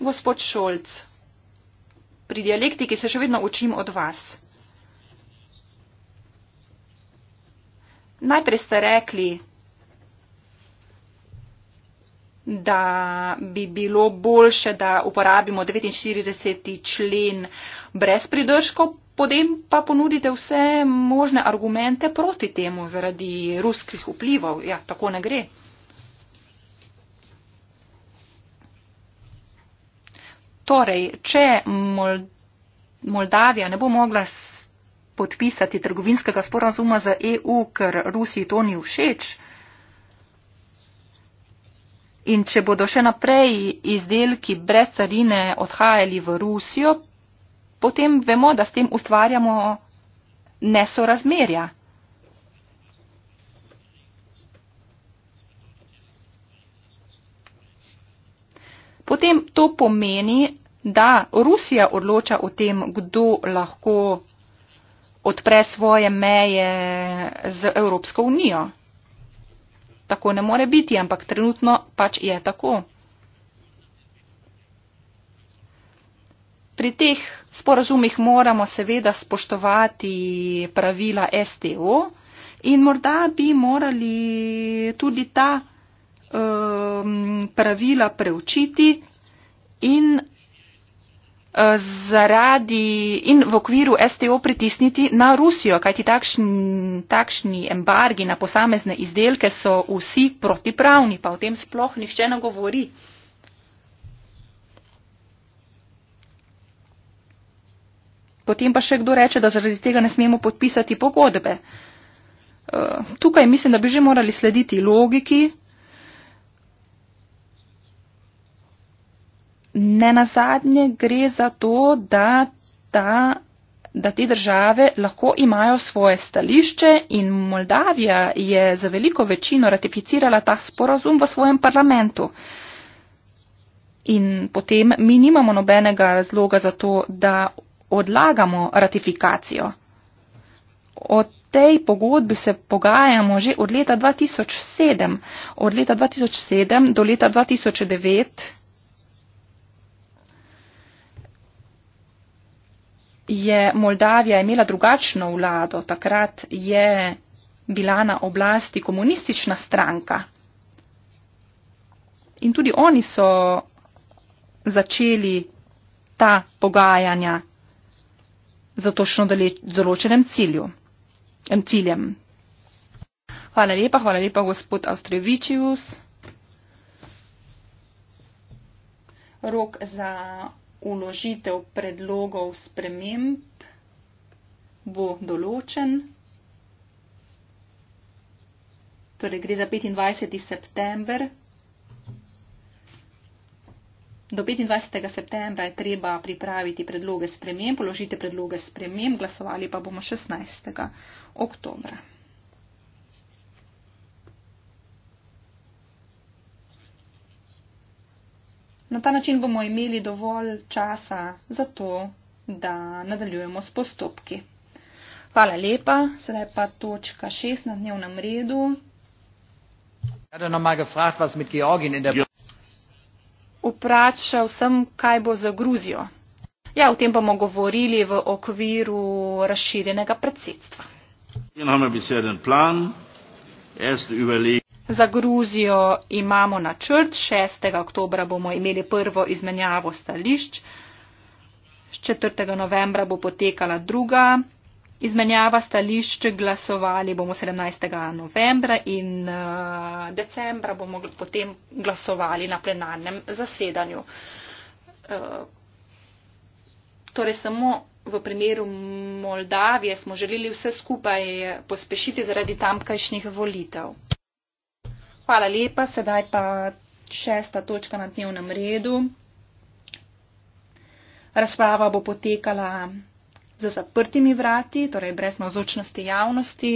Gospod Šolc pri dialektiki se še vedno učim od vas. Najprej ste rekli, da bi bilo boljše, da uporabimo 49. člen brez pridržkov, potem pa ponudite vse možne argumente proti temu zaradi ruskih vplivov. Ja, tako ne gre. Torej, če Moldavija ne bo mogla podpisati trgovinskega sporazuma z EU, ker Rusiji to ni všeč, in če bodo še naprej izdelki brez carine odhajali v Rusijo, potem vemo, da s tem ustvarjamo nesorazmerja. potem to pomeni, da Rusija odloča o tem, kdo lahko odpre svoje meje z Evropsko unijo. Tako ne more biti, ampak trenutno pač je tako. Pri teh sporazumih moramo seveda spoštovati pravila STO in morda bi morali tudi ta Um, pravila preučiti in, uh, zaradi, in v okviru STO pritisniti na Rusijo, kajti takšni, takšni embargi na posamezne izdelke so vsi protipravni, pa o tem sploh nihče ne govori. Potem pa še kdo reče, da zaradi tega ne smemo podpisati pogodbe. Uh, tukaj mislim, da bi že morali slediti logiki, ne nazadnje gre za to, da, ta, da te države lahko imajo svoje stališče in Moldavija je za veliko večino ratificirala ta sporazum v svojem parlamentu. In potem mi nimamo nobenega razloga za to, da odlagamo ratifikacijo. O tej pogodbi se pogajamo že od leta 2007. Od leta 2007 do leta 2009. je Moldavija imela drugačno vlado, takrat je bila na oblasti komunistična stranka. In tudi oni so začeli ta pogajanja za točno določenem cilju, ciljem. Hvala lepa, hvala lepa, gospod Avstrevičius. Rok za uložitev predlogov sprememb bo določen. Torej gre za 25. september. Do 25. septembra je treba pripraviti predloge sprememb, položiti predloge sprememb, glasovali pa bomo 16. oktobra. Na ta način bomo imeli dovolj časa za to, da nadaljujemo s postopki. Hvala lepa, sedaj pa točka šest na dnevnem redu. Ja. Vprašal sem, kaj bo za Gruzijo. Ja, o tem bomo govorili v okviru razširjenega predsedstva. Ja, Za Gruzijo imamo načrt, 6. oktober bomo imeli prvo izmenjavo stališč, 4. novembra bo potekala druga izmenjava stališč, glasovali bomo 17. novembra in eh, decembra bomo potem glasovali na plenarnem zasedanju. Eh, torej samo v primeru Moldavije smo želeli vse skupaj pospešiti zaradi tamkajšnjih volitev. Hvala lepa, sedaj pa šesta točka na dnevnem redu. Razprava bo potekala za zaprtimi vrati, torej brez navzočnosti javnosti.